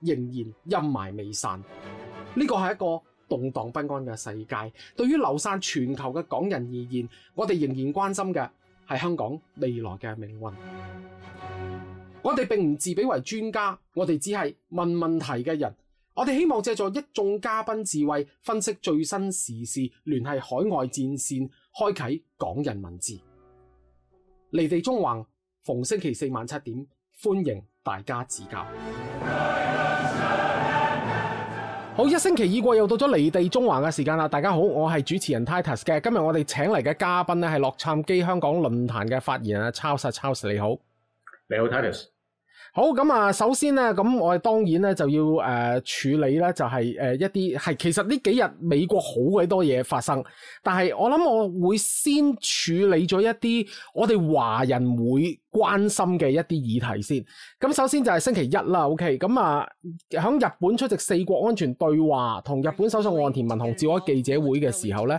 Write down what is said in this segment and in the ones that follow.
仍然陰霾未散，呢個係一個動盪不安嘅世界。對於流散全球嘅港人而言，我哋仍然關心嘅係香港未來嘅命運。我哋並唔自比為專家，我哋只係問問題嘅人。我哋希望借助一眾嘉賓智慧，分析最新時事，聯繫海外戰線，開啟港人文字。離地縱橫，逢星期四晚七點，歡迎大家指教。好一星期已過，又到咗離地縱橫嘅時間啦！大家好，我係主持人 Titus 嘅，今日我哋請嚟嘅嘉賓咧係洛杉磯香港論壇嘅發言人 Charles Charles，你好，你好 Titus。好咁啊！首先咧，咁我哋當然咧就要誒、呃、處理咧，就係誒一啲係其實呢幾日美國好鬼多嘢發生，但係我諗我會先處理咗一啲我哋華人會關心嘅一啲議題先。咁首先就係星期一啦，OK？咁啊，喺日本出席四國安全對話，同日本首相岸田文雄召開記者會嘅時候咧，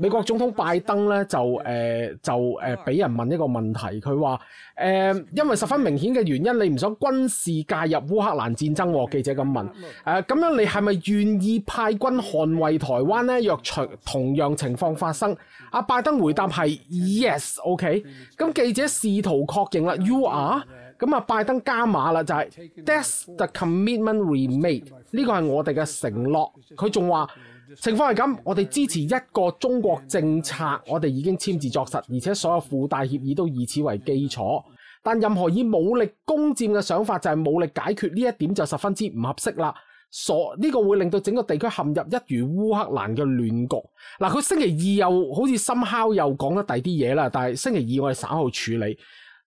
美國總統拜登咧就誒、呃、就誒俾、呃、人問一個問題，佢話誒因為十分明顯嘅原因，你唔想軍事介入烏克蘭戰爭，啊，記者咁問，誒、呃、咁樣你係咪願意派軍捍衛台灣呢？若除」若情同樣情況發生，阿、啊、拜登回答係 yes，OK。咁、嗯 yes, okay 嗯、記者試圖確認啦，You are，咁啊、嗯、拜登加碼啦，就係、是、that's the commitment we made 呢個係我哋嘅承諾。佢仲話。情況係咁，我哋支持一個中國政策，我哋已經簽字作實，而且所有附帶協議都以此為基礎。但任何以武力攻佔嘅想法，就係武力解決呢一點，就十分之唔合適啦。所呢、呢個會令到整個地區陷入一如烏克蘭嘅亂局。嗱、啊，佢星期二又好似 somehow 又講咗第啲嘢啦，但係星期二我哋稍後處理。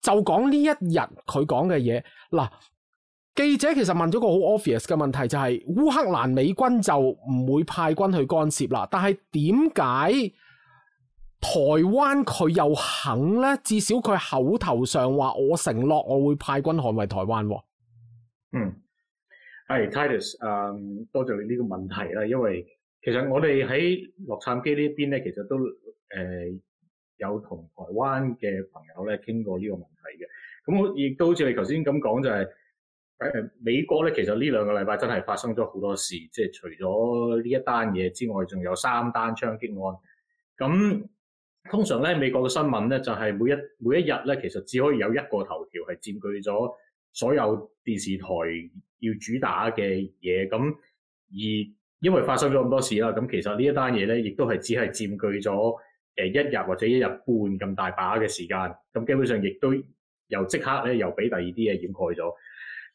就講呢一日佢講嘅嘢啦。啊記者其實問咗個好 obvious 嘅問題、就是，就係烏克蘭美軍就唔會派軍去干涉啦。但係點解台灣佢又肯咧？至少佢口頭上話我承諾我會派軍捍衛台灣、哦。嗯，係 Titus，嗯，多謝你呢個問題啦。因為其實我哋喺洛杉磯呢邊咧，其實都誒、呃、有同台灣嘅朋友咧傾過呢個問題嘅。咁亦都好似你頭先咁講，就係。誒，美國咧，其實呢兩個禮拜真係發生咗好多事，即係除咗呢一單嘢之外，仲有三單槍擊案。咁通常咧，美國嘅新聞咧就係每一每一日咧，其實只可以有一個頭條係佔據咗所有電視台要主打嘅嘢。咁而因為發生咗咁多事啦，咁其實呢一單嘢咧，亦都係只係佔據咗誒一日或者一日半咁大把嘅時間。咁基本上亦都又即刻咧，又俾第二啲嘢掩蓋咗。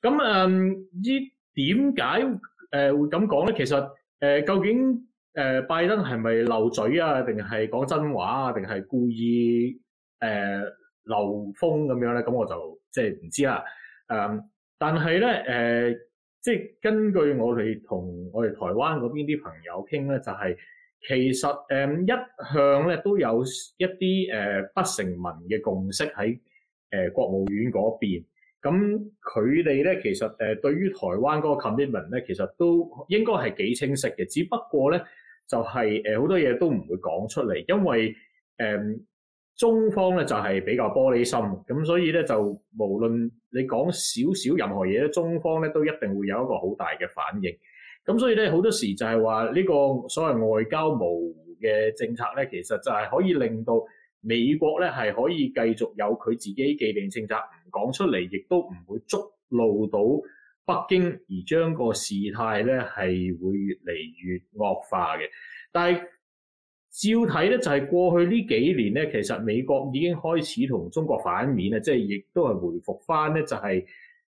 咁誒，呢點解誒會咁講咧？其實誒、呃，究竟誒、呃、拜登係咪漏嘴啊，定係講真話啊，定係故意誒、呃、漏風咁、啊、樣咧？咁我就即係唔知啦。誒，但係咧誒，即係根據我哋同我哋台灣嗰邊啲朋友傾咧，就係、是、其實誒、呃、一向咧都有一啲誒、呃、不成文嘅共識喺誒、呃、國務院嗰邊。咁佢哋咧，其實誒對於台灣嗰個 commitment 咧，其實都應該係幾清晰嘅，只不過咧就係誒好多嘢都唔會講出嚟，因為誒中方咧就係比較玻璃心，咁所以咧就無論你講少少任何嘢咧，中方咧都一定會有一個好大嘅反應。咁所以咧好多時就係話呢個所謂外交模糊嘅政策咧，其實就係可以令到。美國咧係可以繼續有佢自己既定政策，唔講出嚟，亦都唔會觸怒到北京，而將個事態咧係會越嚟越惡化嘅。但係照睇咧，就係過去呢幾年咧，其實美國已經開始同中國反面啊，即係亦都係回復翻咧，就係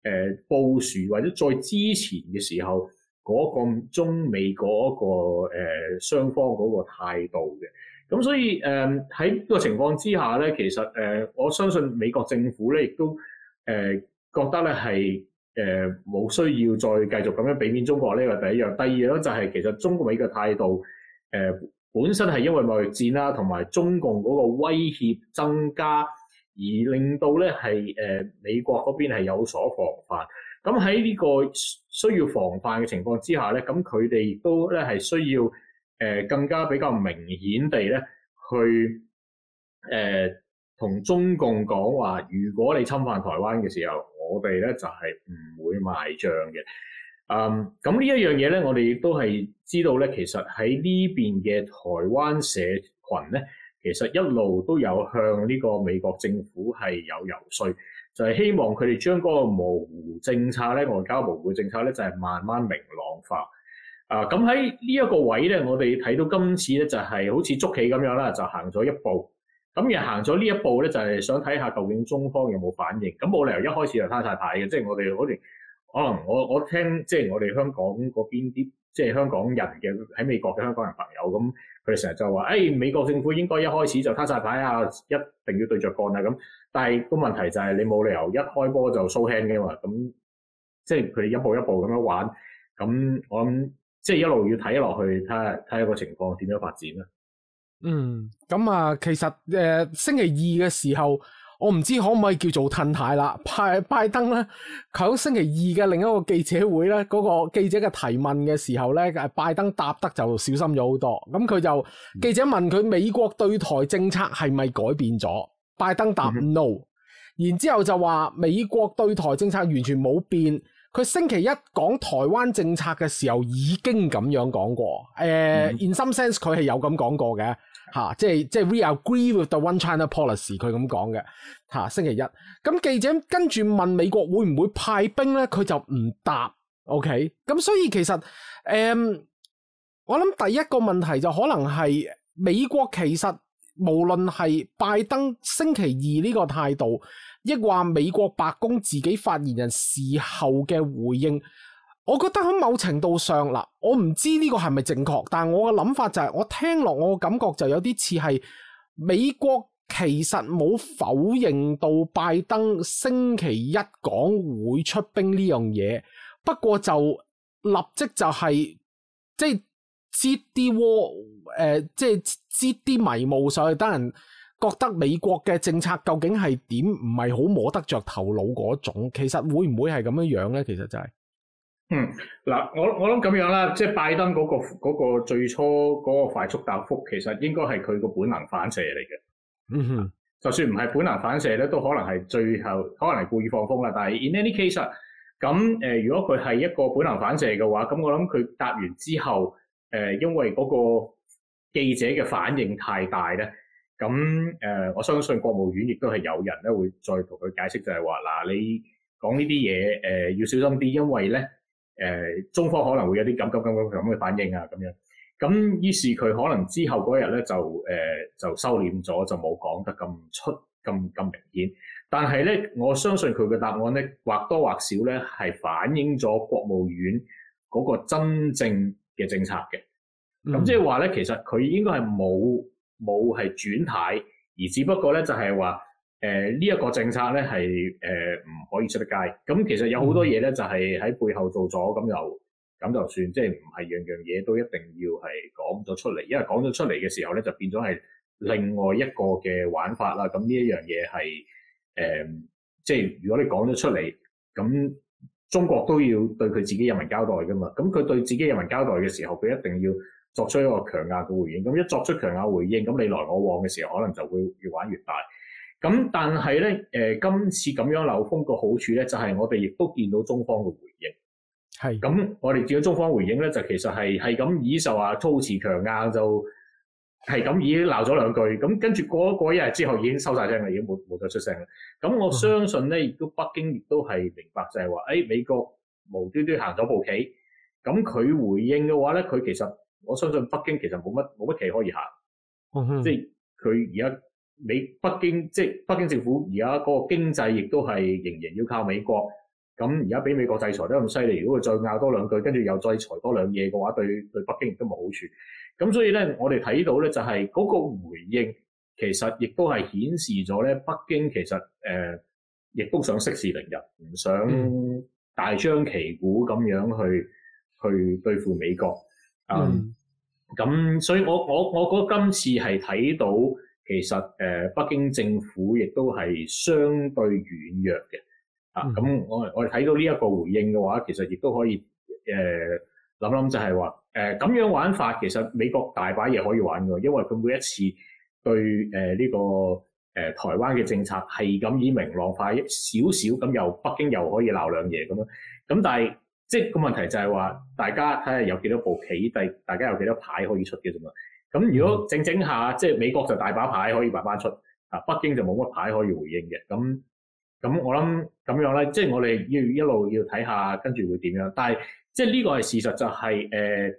誒布殊或者再之前嘅時候嗰、那個中美嗰、那個誒雙、呃、方嗰個態度嘅。咁所以誒喺呢個情況之下咧，其實誒、呃、我相信美國政府咧亦都誒、呃、覺得咧係誒冇需要再繼續咁樣避免中國呢個第一樣，第二咯就係、是、其實中國美嘅態度誒、呃、本身係因為貿易戰啦，同埋中共嗰個威脅增加而令到咧係誒美國嗰邊係有所防範。咁喺呢個需要防範嘅情況之下咧，咁佢哋亦都咧係需要。誒，更加比較明顯地咧，去誒同中共講話，如果你侵犯台灣嘅時候，我哋咧就係唔會賣賬嘅。嗯，咁呢一樣嘢咧，我哋亦都係知道咧，其實喺呢邊嘅台灣社群咧，其實一路都有向呢個美國政府係有游說，就係希望佢哋將嗰個模糊政策咧，外交模糊政策咧，就係慢慢明朗化。啊，咁喺呢一個位咧，我哋睇到今次咧就係好似捉棋咁樣啦，就行咗一步。咁而行咗呢一步咧，就係想睇下究竟中方有冇反應。咁冇理由一開始就攤晒牌嘅，即係我哋好可能我我聽即係我哋香港嗰邊啲即係香港人嘅喺美國嘅香港人朋友咁，佢哋成日就話，誒，美國政府應該一開始就攤晒牌啊，一定要對着幹啊咁。但係個問題就係你冇理由一開波就 show hand 嘅嘛。咁即係佢哋一步一步咁樣玩。咁我諗。即係一路要睇落去，睇睇一個情況點樣發展咧。嗯，嗯，咁啊，其實誒，呃，星期二嘅時候，我唔知可唔可以叫做褪太啦。拜拜登咧，喺星期二嘅另一個記者會咧，嗰個記者嘅提問嘅時候咧，拜登答得就小心咗好多。咁佢就記者問佢美國對台政策係咪改變咗？拜登答 no，嗯哼，然之後就話美國對台政策完全冇變。佢星期一講台灣政策嘅時候已經咁樣講過，誒、呃嗯、in some sense 佢係有咁講過嘅，嚇、啊，即係即係 we agree with the one China policy，佢咁講嘅，嚇、啊，星期一。咁記者跟住問美國會唔會派兵咧，佢就唔答。OK，咁所以其實誒、嗯，我諗第一個問題就可能係美國其實。無論係拜登星期二呢個態度，亦話美國白宮自己發言人事後嘅回應，我覺得喺某程度上嗱，我唔知呢個係咪正確，但係我嘅諗法就係，我聽落我感覺就有啲似係美國其實冇否認到拜登星期一講會出兵呢樣嘢，不過就立即就係即係揭啲鍋，誒，即係揭啲迷霧，上去。等人覺得美國嘅政策究竟係點，唔係好摸得着頭腦嗰種。其實會唔會係咁樣樣咧？其實就係，嗯，嗱，我我諗咁樣啦，即係拜登嗰個、嗰個嗰個最初嗰個快速答覆，其實應該係佢個本能反射嚟嘅。嗯哼，就算唔係本能反射咧，都可能係最後可能係故意放風啦。但係 in any case 咁，誒、呃，如果佢係一個本能反射嘅話，咁我諗佢答完之後。誒，因為嗰個記者嘅反應太大咧，咁誒、呃，我相信國務院亦都係有人咧會再同佢解釋，就係話嗱，你講呢啲嘢誒，要小心啲，因為咧誒、呃，中方可能會有啲咁咁咁咁嘅反應啊，咁樣。咁於是佢可能之後嗰日咧就誒、呃，就收斂咗，就冇講得咁出咁咁明顯。但係咧，我相信佢嘅答案咧，或多或少咧係反映咗國務院嗰個真正。嘅政策嘅，咁即係話咧，其實佢應該係冇冇係轉軚，而只不過咧就係、是、話，誒呢一個政策咧係誒唔可以出得街。咁其實有好多嘢咧就係、是、喺背後做咗，咁又咁就算，即係唔係樣樣嘢都一定要係講咗出嚟。因為講咗出嚟嘅時候咧，就變咗係另外一個嘅玩法啦。咁呢一樣嘢係誒，即、呃、係、就是、如果你講咗出嚟，咁。中國都要對佢自己人民交代噶嘛，咁佢對自己人民交代嘅時候，佢一定要作出一個強硬嘅回應。咁一作出強硬回應，咁你來我往嘅時候，可能就會越玩越大。咁但係咧，誒、呃，今次咁樣漏風個好處咧，就係、是、我哋亦都見到中方嘅回應。係的，咁我哋見到中方回應咧，就其實係係咁以受話措辭強硬就。係咁已經鬧咗兩句，咁跟住過一過一日之後已經收晒聲啦，已經冇冇再出聲啦。咁我相信咧，亦都北京亦都係明白就，就係話，誒美國無端端行咗步棋，咁佢回應嘅話咧，佢其實我相信北京其實冇乜冇乜棋可以行，即係佢而家美北京即係、即係、北京政府而家嗰個經濟亦都係仍然要靠美國。咁而家俾美國制裁得咁犀利，如果佢再拗多兩句，跟住又再裁多兩嘢嘅話，對對北京亦都冇好處。咁所以咧，我哋睇到咧就係嗰個回應，其實亦都係顯示咗咧，北京其實誒亦、呃、都想息事寧人，唔想大張旗鼓咁樣去去對付美國。咁、呃嗯、所以我，我我我覺得今次係睇到其實誒、呃、北京政府亦都係相對軟弱嘅。啊，咁、嗯、我我哋睇到呢一個回應嘅話，其實亦都可以誒諗諗，呃、想想就係話誒咁樣玩法，其實美國大把嘢可以玩嘅，因為佢每一次對誒呢、呃這個誒、呃、台灣嘅政策係咁以明朗化少少，咁又北京又可以鬧兩嘢咁咯。咁但係即係個問題就係話，大家睇下有幾多部棋，第大家有幾多牌可以出嘅啫嘛。咁如果整整下，嗯、即係美國就大把牌可以慢慢出，啊，北京就冇乜牌可以回應嘅咁。咁我諗咁樣咧，即係我哋要一路要睇下跟住會點樣。但係即係呢個係事實，就係誒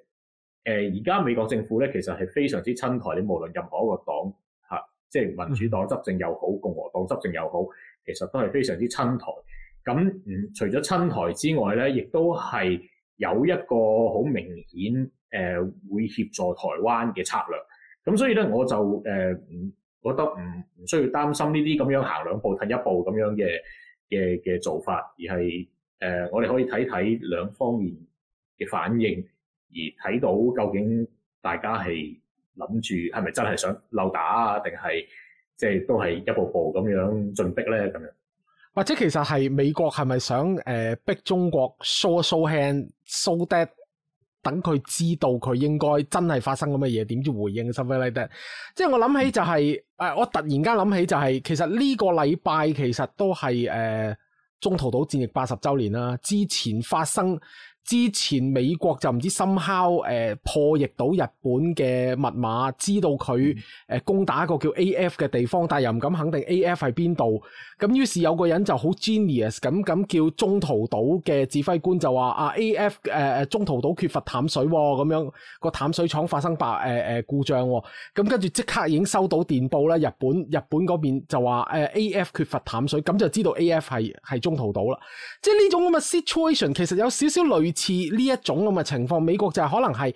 誒，而家美國政府咧，其實係非常之親台。你無論任何一個黨吓，即係民主黨執政又好，共和黨執政又好，其實都係非常之親台。咁嗯，除咗親台之外咧，亦都係有一個好明顯誒，會協助台灣嘅策略。咁所以咧，我就誒嗯。我覺得唔唔需要擔心呢啲咁樣行兩步褪一步咁樣嘅嘅嘅做法，而係誒、呃，我哋可以睇睇兩方面嘅反應，而睇到究竟大家係諗住係咪真係想漏打啊，定係即係都係一步步咁樣進逼咧？咁樣或者其實係美國係咪想誒、呃、逼中國 show show hand show that 等佢知道佢應該真係發生咁嘅嘢，點知回應 Seven 即係我諗起就係、是、誒、呃，我突然間諗起就係、是，其實呢個禮拜其實都係誒、呃、中途島戰役八十週年啦，之前發生。之前美國就唔知深敲誒破譯到日本嘅密碼，知道佢誒、呃、攻打一個叫 A.F. 嘅地方，但係又唔敢肯定 A.F. 係邊度。咁、嗯、於是有個人就好 genius 咁咁，叫中途島嘅指揮官就話啊 A.F. 誒、呃、誒中途島缺乏淡水喎，咁、哦、樣、那個淡水廠發生爆誒誒故障喎、哦。咁跟住即刻已經收到電報啦，日本日本嗰邊就話誒、呃、A.F. 缺乏淡水，咁就知道 A.F. 係係中途島啦。即係呢種咁嘅 situation 其實有少少類似。似呢一種咁嘅情況，美國就係可能係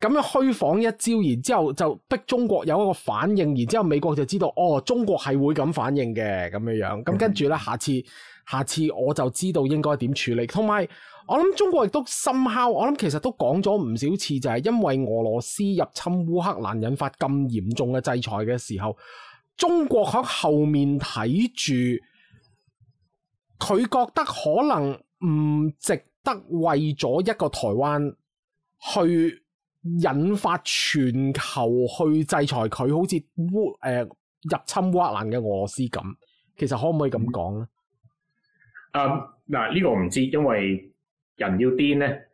咁樣虛晃一招，然之後就逼中國有一個反應，然之後美國就知道，哦，中國係會咁反應嘅咁樣樣，咁跟住咧，下次下次我就知道應該點處理。同埋我諗中國亦都深刻，我諗其實都講咗唔少次，就係因為俄羅斯入侵烏克蘭引發咁嚴重嘅制裁嘅時候，中國喺後面睇住佢覺得可能唔值。得為咗一個台灣去引發全球去制裁佢，好似烏誒入侵烏克蘭嘅俄羅斯咁，其實可唔可以咁講咧？誒、嗯，嗱、這、呢個我唔知，因為人要癲咧，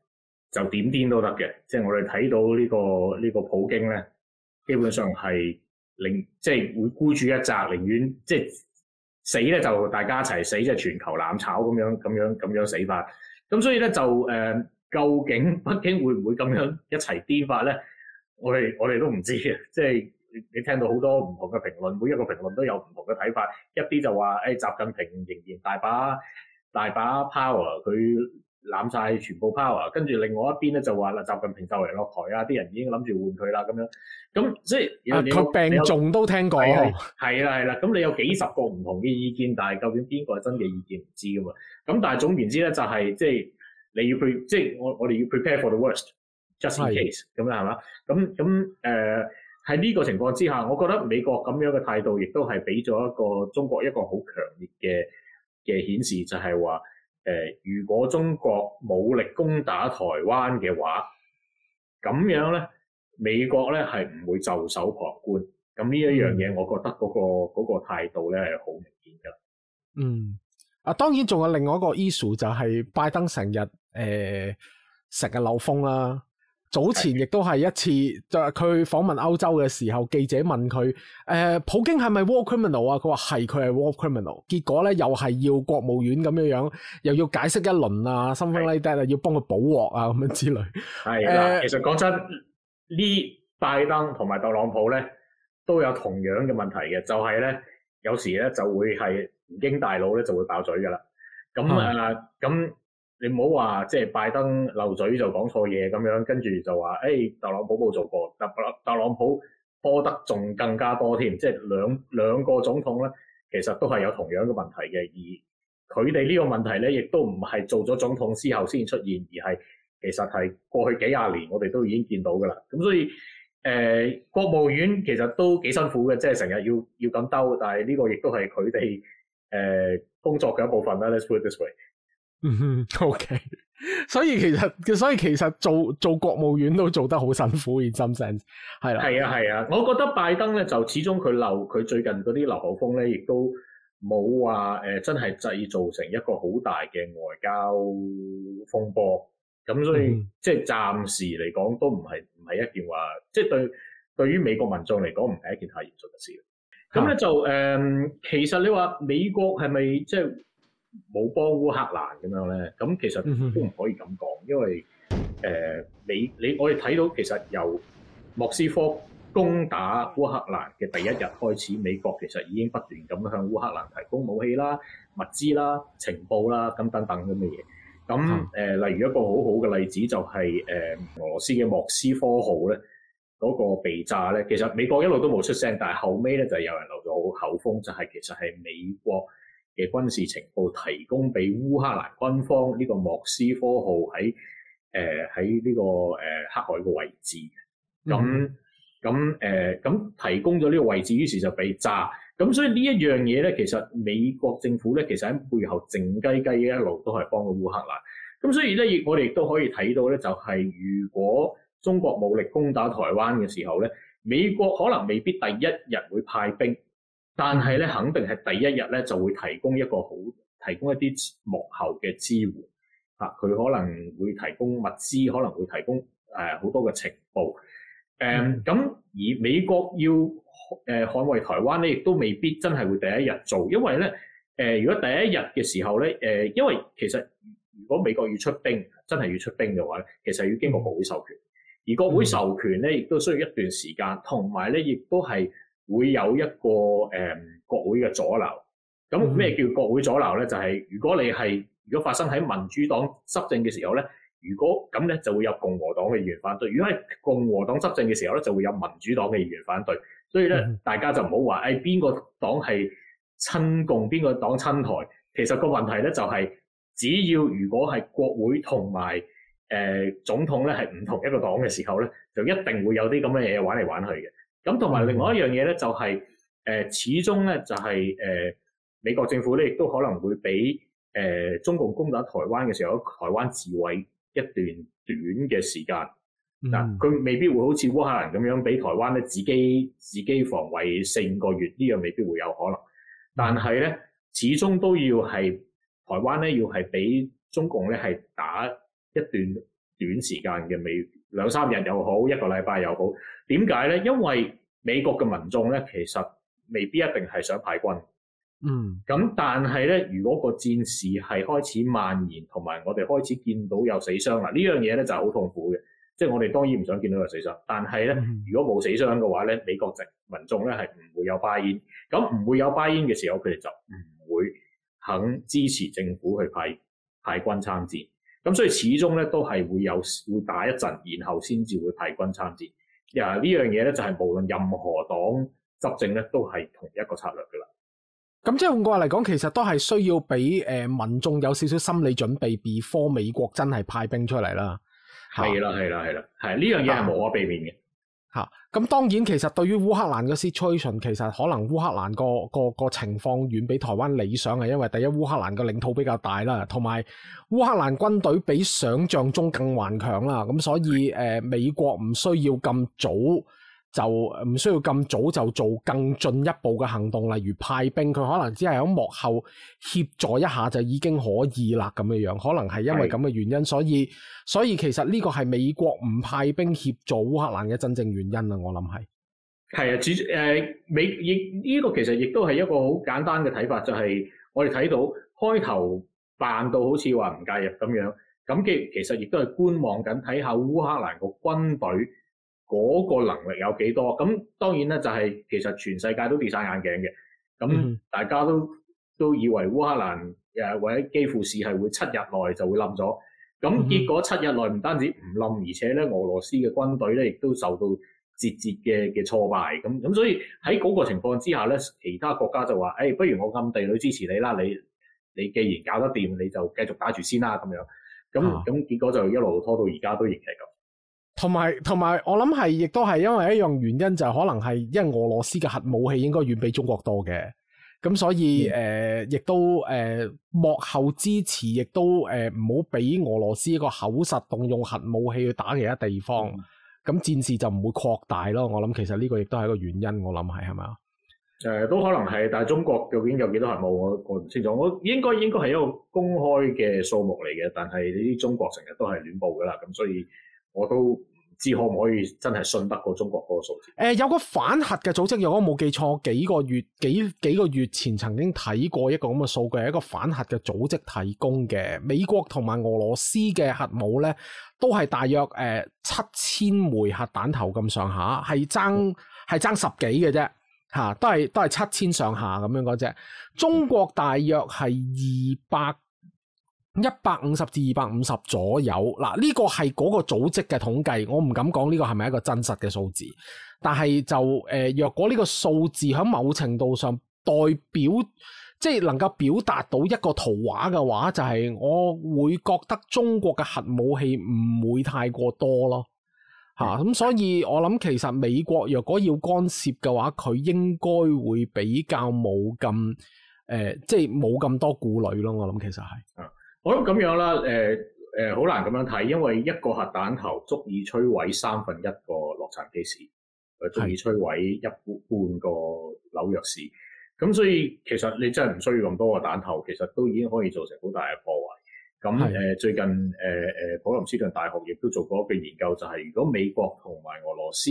就點癲都得嘅。即、就、係、是、我哋睇到呢、這個呢、這個普京咧，基本上係寧即係會孤注一擲，寧願即係、就是、死咧就大家一齊死，即、就、係、是、全球攬炒咁樣咁樣咁樣死法。咁所以咧就誒、呃，究竟北京會唔會咁樣一齊顛發咧？我哋我哋都唔知嘅。即係你聽到好多唔同嘅評論，每一個評論都有唔同嘅睇法，一啲就話誒，習近平仍然大把大把 power，佢，攬晒全部 power，跟住另外一邊咧就話嗱，習近平就嚟落台啊！啲人已經諗住換佢啦，咁樣咁即係佢病重都有聽過，係啦係啦。咁你有幾十個唔同嘅意見，但係究竟邊個係真嘅意見唔知噶嘛？咁但係總言之咧，就是，就係即係你要去，即係我我哋要 prepare for the worst，just in case 咁啦是，係嘛？咁咁誒喺呢個情況之下，我覺得美國咁樣嘅態度，亦都係俾咗一個中國一個好強烈嘅嘅顯示，就係，是、話。誒，如果中國武力攻打台灣嘅話，咁樣咧，美國咧係唔會袖手旁觀。咁呢一樣嘢，我覺得嗰個嗰個態度咧係好明顯噶。嗯，啊，當然仲有另外一個 issue 就係、是、拜登成日誒成日、呃、漏風啦。早前亦都係一次，就佢訪問歐洲嘅時候，記者問佢：，誒、呃，普京係咪 war criminal 啊？佢話係，佢係 war criminal。結果咧，又係要國務院咁樣樣，又要解釋一輪啊，something like that 要幫佢補鑊啊，咁樣之類。係啦的，呃、其實講真，呢拜登同埋特朗普咧都有同樣嘅問題嘅，就係、是、咧有時咧就會係唔經大腦咧就會爆嘴噶啦。咁的啊，咁。你唔好話即係拜登漏嘴就講錯嘢咁樣，跟住就話誒、欸，特朗普冇做過，特朗普特朗普爆得仲更加多添，即係兩兩個總統咧，其實都係有同樣嘅問題嘅，而佢哋呢個問題咧，亦都唔係做咗總統之後先出現，而係其實係過去幾廿年我哋都已經見到噶啦。咁所以誒、呃，國務院其實都幾辛苦嘅，即係成日要要咁兜，但係呢個亦都係佢哋誒工作嘅一部分啦。Let's put it this way. 嗯，OK。 所以其實，所以其實做做國務院都做得好辛苦，in some sense 係啦。係啊，係啊。我覺得拜登咧，就始終佢流佢最近嗰啲漏口風咧，亦都冇話誒，真係製造成一個好大嘅外交風波。咁所以、嗯、即係暫時嚟講，都唔係唔係一件話，即係對對於美國民眾嚟講，唔係一件太嚴重嘅事。咁咧、嗯、就誒、呃，其實你話美國係咪即係？冇幫烏克蘭咁樣咧，咁其實都唔可以咁講，因為誒、呃、你你我哋睇到其實由莫斯科攻打烏克蘭嘅第一日開始，美國其實已經不斷咁向烏克蘭提供武器啦、物資啦、情報啦，咁等等咁嘅嘢。咁誒、呃，例如一個好好嘅例子就係、是、誒、呃、俄羅斯嘅莫斯科號咧嗰、那個被炸咧，其實美國一路都冇出聲，但係後尾咧就有人漏咗口風，就係、是、其實係美國。嘅軍事情報提供俾烏克蘭軍方，呢個莫斯科號喺誒喺呢個誒、呃、黑海嘅位置，咁，咁誒咁提供咗呢個位置，於是就被炸。咁所以呢一樣嘢咧，其實美國政府咧，其實喺背後靜雞雞一路都係幫過烏克蘭。咁所以咧，我哋亦都可以睇到咧，就係、是、如果中國武力攻打台灣嘅時候咧，美國可能未必第一日會派兵。但係咧，肯定係第一日咧就會提供一個好，提供一啲幕後嘅支援。啊，佢可能會提供物資，可能會提供誒好、呃、多嘅情報。誒、嗯、咁，而美國要誒捍衞台灣咧，亦都未必真係會第一日做，因為咧誒、呃，如果第一日嘅時候咧，誒、呃、因為其實如果美國要出兵，真係要出兵嘅話，其實要經過國會授權，而國會授權咧，亦都需要一段時間，同埋咧，亦都係。會有一個誒、嗯、國會嘅阻撓，咁咩叫國會阻撓咧？就係、是、如果你係如果發生喺民主黨執政嘅時候咧，如果咁咧就會有共和黨嘅議員反對；如果係共和黨執政嘅時候咧，就會有民主黨嘅議員反對。所以咧，嗯、大家就唔好話誒邊個黨係親共，邊個黨親台。其實個問題咧就係、是，只要如果係國會同埋誒總統咧係唔同一個黨嘅時候咧，就一定會有啲咁嘅嘢玩嚟玩去嘅。咁同埋另外一樣嘢咧，就係誒始終咧、就是，就係誒美國政府咧，亦都可能會俾誒、呃、中共攻打台灣嘅時候，台灣自衛一段短嘅時間。嗱、嗯，佢未必會好似烏克蘭咁樣，俾台灣咧自己自己防衞四五個月，呢樣未必會有可能。但係咧，始終都要係台灣咧，要係俾中共咧，係打一段短時間嘅美。兩三日又好，一個禮拜又好，點解咧？因為美國嘅民眾咧，其實未必一定係想派軍。嗯。咁但係咧，如果個戰事係開始蔓延，同埋我哋開始見到有死傷啦，呢樣嘢咧就係好痛苦嘅。即係我哋當然唔想見到有死傷，但係咧，嗯、如果冇死傷嘅話咧，美國籍民眾咧係唔會有 buy in。咁唔會有 buy in 嘅時候，佢哋就唔會肯支持政府去派、嗯、派軍參戰。咁所以始終咧都係會有會打一陣，然後先至會派軍參戰。啊，呢樣嘢咧就係、是、無論任何黨執政咧都係同一個策略噶啦。咁即係換句話嚟講，其實都係需要俾誒、呃、民眾有少少心理準備 before 美國真係派兵出嚟啦。係啦的，係啦、啊，係啦，係呢樣嘢係無可避免嘅。嗯吓，咁當然其實對於烏克蘭嘅 situation，其實可能烏克蘭個個情況遠比台灣理想，係因為第一烏克蘭嘅領土比較大啦，同埋烏克蘭軍隊比想象中更頑強啦，咁所以誒、呃、美國唔需要咁早。就唔需要咁早就做更進一步嘅行動，例如派兵，佢可能只係喺幕後協助一下就已經可以啦咁嘅樣，可能係因爲咁嘅原因，是所以所以其實呢個係美國唔派兵協助烏克蘭嘅真正原因啦，我諗係係啊，主誒美亦呢個其實亦都係一個好簡單嘅睇法，就係、是、我哋睇到開頭扮到好似話唔介入咁樣，咁既其實亦都係觀望緊，睇下烏克蘭個軍隊。嗰個能力有幾多？咁當然咧，就係、是、其實全世界都跌晒眼鏡嘅。咁大家都都以為烏克蘭誒或者幾乎士是係會七日內就會冧咗。咁結果七日內唔單止唔冧，而且咧俄羅斯嘅軍隊咧亦都受到節節嘅嘅挫敗。咁咁所以喺嗰個情況之下咧，其他國家就話：誒、欸，不如我暗地裏支持你啦。你你既然搞得掂，你就繼續打住先啦。咁樣咁咁結果就一路拖到而家都仍然係咁。同埋同埋，我諗係，亦都係因為一樣原因，就係可能係因為俄羅斯嘅核武器應該遠比中國多嘅，咁所以誒，亦、嗯呃、都誒、呃、幕後支持，亦都誒唔好俾俄羅斯一個口實，動用核武器去打其他地方，咁、嗯、戰事就唔會擴大咯。我諗其實呢個亦都係一個原因，我諗係，係咪啊？誒、呃，都可能係，但係中國究竟有幾多核武，我我唔清楚。我應該應該係一個公開嘅數目嚟嘅，但係呢啲中國成日都係亂報噶啦，咁所以。我都唔知可唔可以真係信得過中國嗰個數字。呃、有個反核嘅組織，如果我冇記錯，幾個月幾幾個月前曾經睇過一個咁嘅數據，係一個反核嘅組織提供嘅。美國同埋俄羅斯嘅核武咧，都係大約誒七千枚核彈頭咁上下，係爭係爭十幾嘅啫，嚇、啊，都係都係七千上下咁樣啫。中國大約係二百。一百五十至二百五十左右，嗱呢個係嗰個組織嘅統計，我唔敢講呢個係咪一個真實嘅數字。但係就誒，若果呢個數字喺某程度上代表，即係能夠表達到一個圖畫嘅話，就係我會覺得中國嘅核武器唔會太過多咯，吓咁。所以，我諗其實美國若果要干涉嘅話，佢應該會比較冇咁誒，即係冇咁多顧慮咯。我諗其實係。我諗咁樣啦，誒、呃、誒，好、呃、難咁樣睇，因為一個核彈頭足以摧毀三分一個洛杉磯市，是足以摧毀一半個紐約市。咁所以其實你真係唔需要咁多個彈頭，其實都已經可以造成好大嘅破壞。咁誒是、呃，最近誒誒、呃，普林斯頓大學亦都做過一個研究，就係，就係如果美國同埋俄羅斯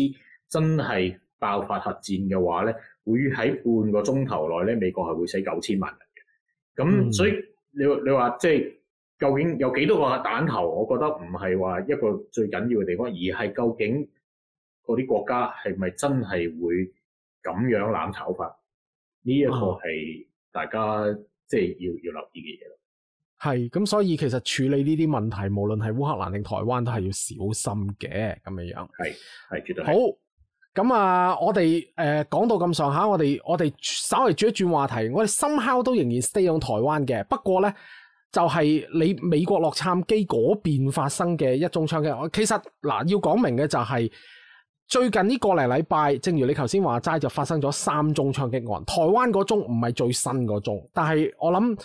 真係爆發核戰嘅話咧，會喺半個鐘頭內咧，美國係會死九千萬人嘅。咁、嗯、所以你你話即係。究竟有幾多個彈頭？我覺得唔係話一個最緊要嘅地方，而係究竟嗰啲國家係咪真係會咁樣攬炒法？呢一個係大家、啊、即係要要留意嘅嘢。係咁，所以其實處理呢啲問題，無論係烏克蘭定台灣，都係要小心嘅咁樣樣。係係絕對好。咁啊，我哋誒講到咁上下，我哋我哋稍微轉一轉話題，我哋心口都仍然 stay 用台灣嘅。不過咧。就係你美國洛杉磯嗰邊發生嘅一宗槍擊案，其實嗱，要講明嘅就係、是、最近呢個嚟禮拜，正如你頭先話齋，就發生咗三宗槍擊案。台灣嗰宗唔係最新嗰宗，但係我諗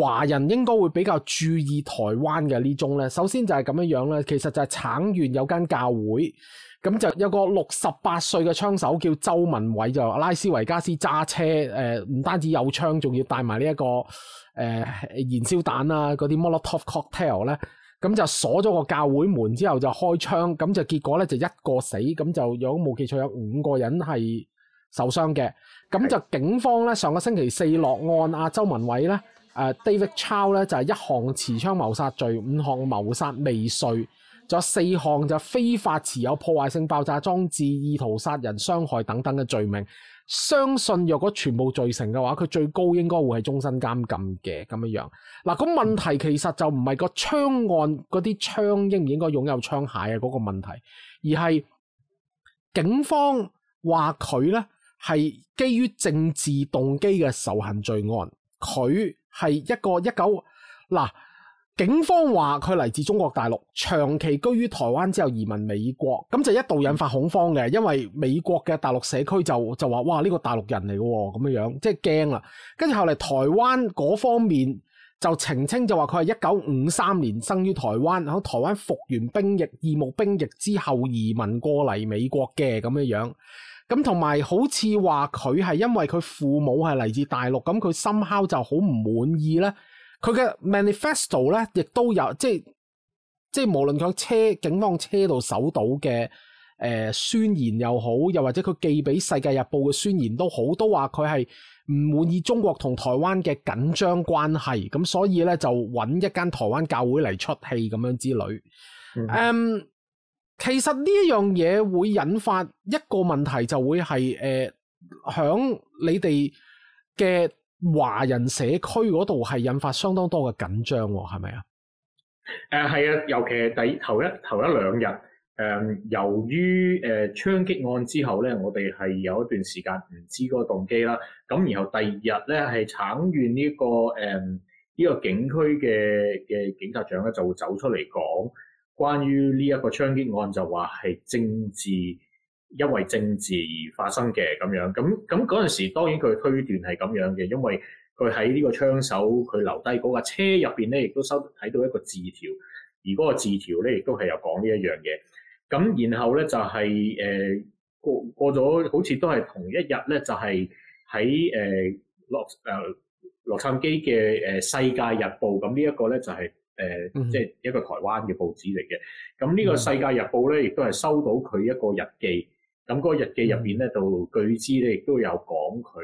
華人應該會比較注意台灣嘅呢宗呢。首先就係咁樣樣呢，其實就係橙縣有間教會。咁就有個六十八歲嘅槍手叫周文偉，就拉斯維加斯揸車，誒、呃、唔單止有槍，仲要帶埋呢一個誒、呃、燃燒彈啊，嗰啲 Molotov cocktail 咧，咁就鎖咗個教會門之後就開槍，咁就結果咧就一個死，咁就有冇記錯，有五個人係受傷嘅，咁就警方咧上個星期四落案啊，周文偉咧，誒、呃、David Chow 咧就係、是、一項持槍謀殺罪，五項謀殺未遂。咗四項就非法持有破壞性爆炸裝置、意圖殺人、傷害等等嘅罪名，相信若果全部罪成嘅話，佢最高應該會係終身監禁嘅咁樣樣。嗱、啊，咁、那個、問題其實就唔係個槍案嗰啲槍應唔應該擁有槍械啊嗰、那個問題，而係警方話佢呢係基於政治動機嘅仇恨罪案，佢係一個一九嗱。啊警方話佢嚟自中國大陸，長期居於台灣之後移民美國，咁就一度引發恐慌嘅，因為美國嘅大陸社區就就話，哇，呢個大陸人嚟嘅，咁樣樣，即係驚啦。跟住後嚟台灣嗰方面就澄清，就話佢係一九五三年生於台灣，喺台灣服完兵役，義務兵役之後移民過嚟美國嘅，咁樣樣。咁同埋好似話佢係因為佢父母係嚟自大陸，咁佢心口就好唔滿意呢。佢嘅 manifesto 咧，亦都有即係即係，無論佢車警方車度搜到嘅誒、呃、宣言又好，又或者佢寄俾《世界日報》嘅宣言都好，都話佢係唔滿意中國同台灣嘅緊張關係，咁所以咧就揾一間台灣教會嚟出氣咁樣之類。誒、mm，hmm. um, 其實呢一樣嘢會引發一個問題，就會係誒響你哋嘅。華人社區嗰度係引發相當多嘅緊張，係咪啊？誒係啊，尤其係第頭一頭一兩日，誒、呃、由於誒、呃、槍擊案之後咧，我哋係有一段時間唔知個動機啦。咁然後第二日咧係橙縣呢、這個誒呢、呃這個警區嘅嘅警察長咧就會走出嚟講，關於呢一個槍擊案就話係政治。因為政治而發生嘅咁樣，咁咁嗰陣時，當然佢推斷係咁樣嘅，因為佢喺呢個槍手佢留低嗰架車入邊咧，亦都收睇到一個字條，而嗰個字條咧，亦都係有講呢一樣嘢。咁然後咧就係、是、誒、呃、過過咗，好似都係同一日咧，就係喺誒洛誒洛杉磯嘅誒《世界日報》就是，咁呢一個咧就係誒即係一個台灣嘅報紙嚟嘅。咁呢個《世界日報》呢咧，亦都係收到佢一個日記。咁嗰個日記入面咧，就據知咧，亦都有講佢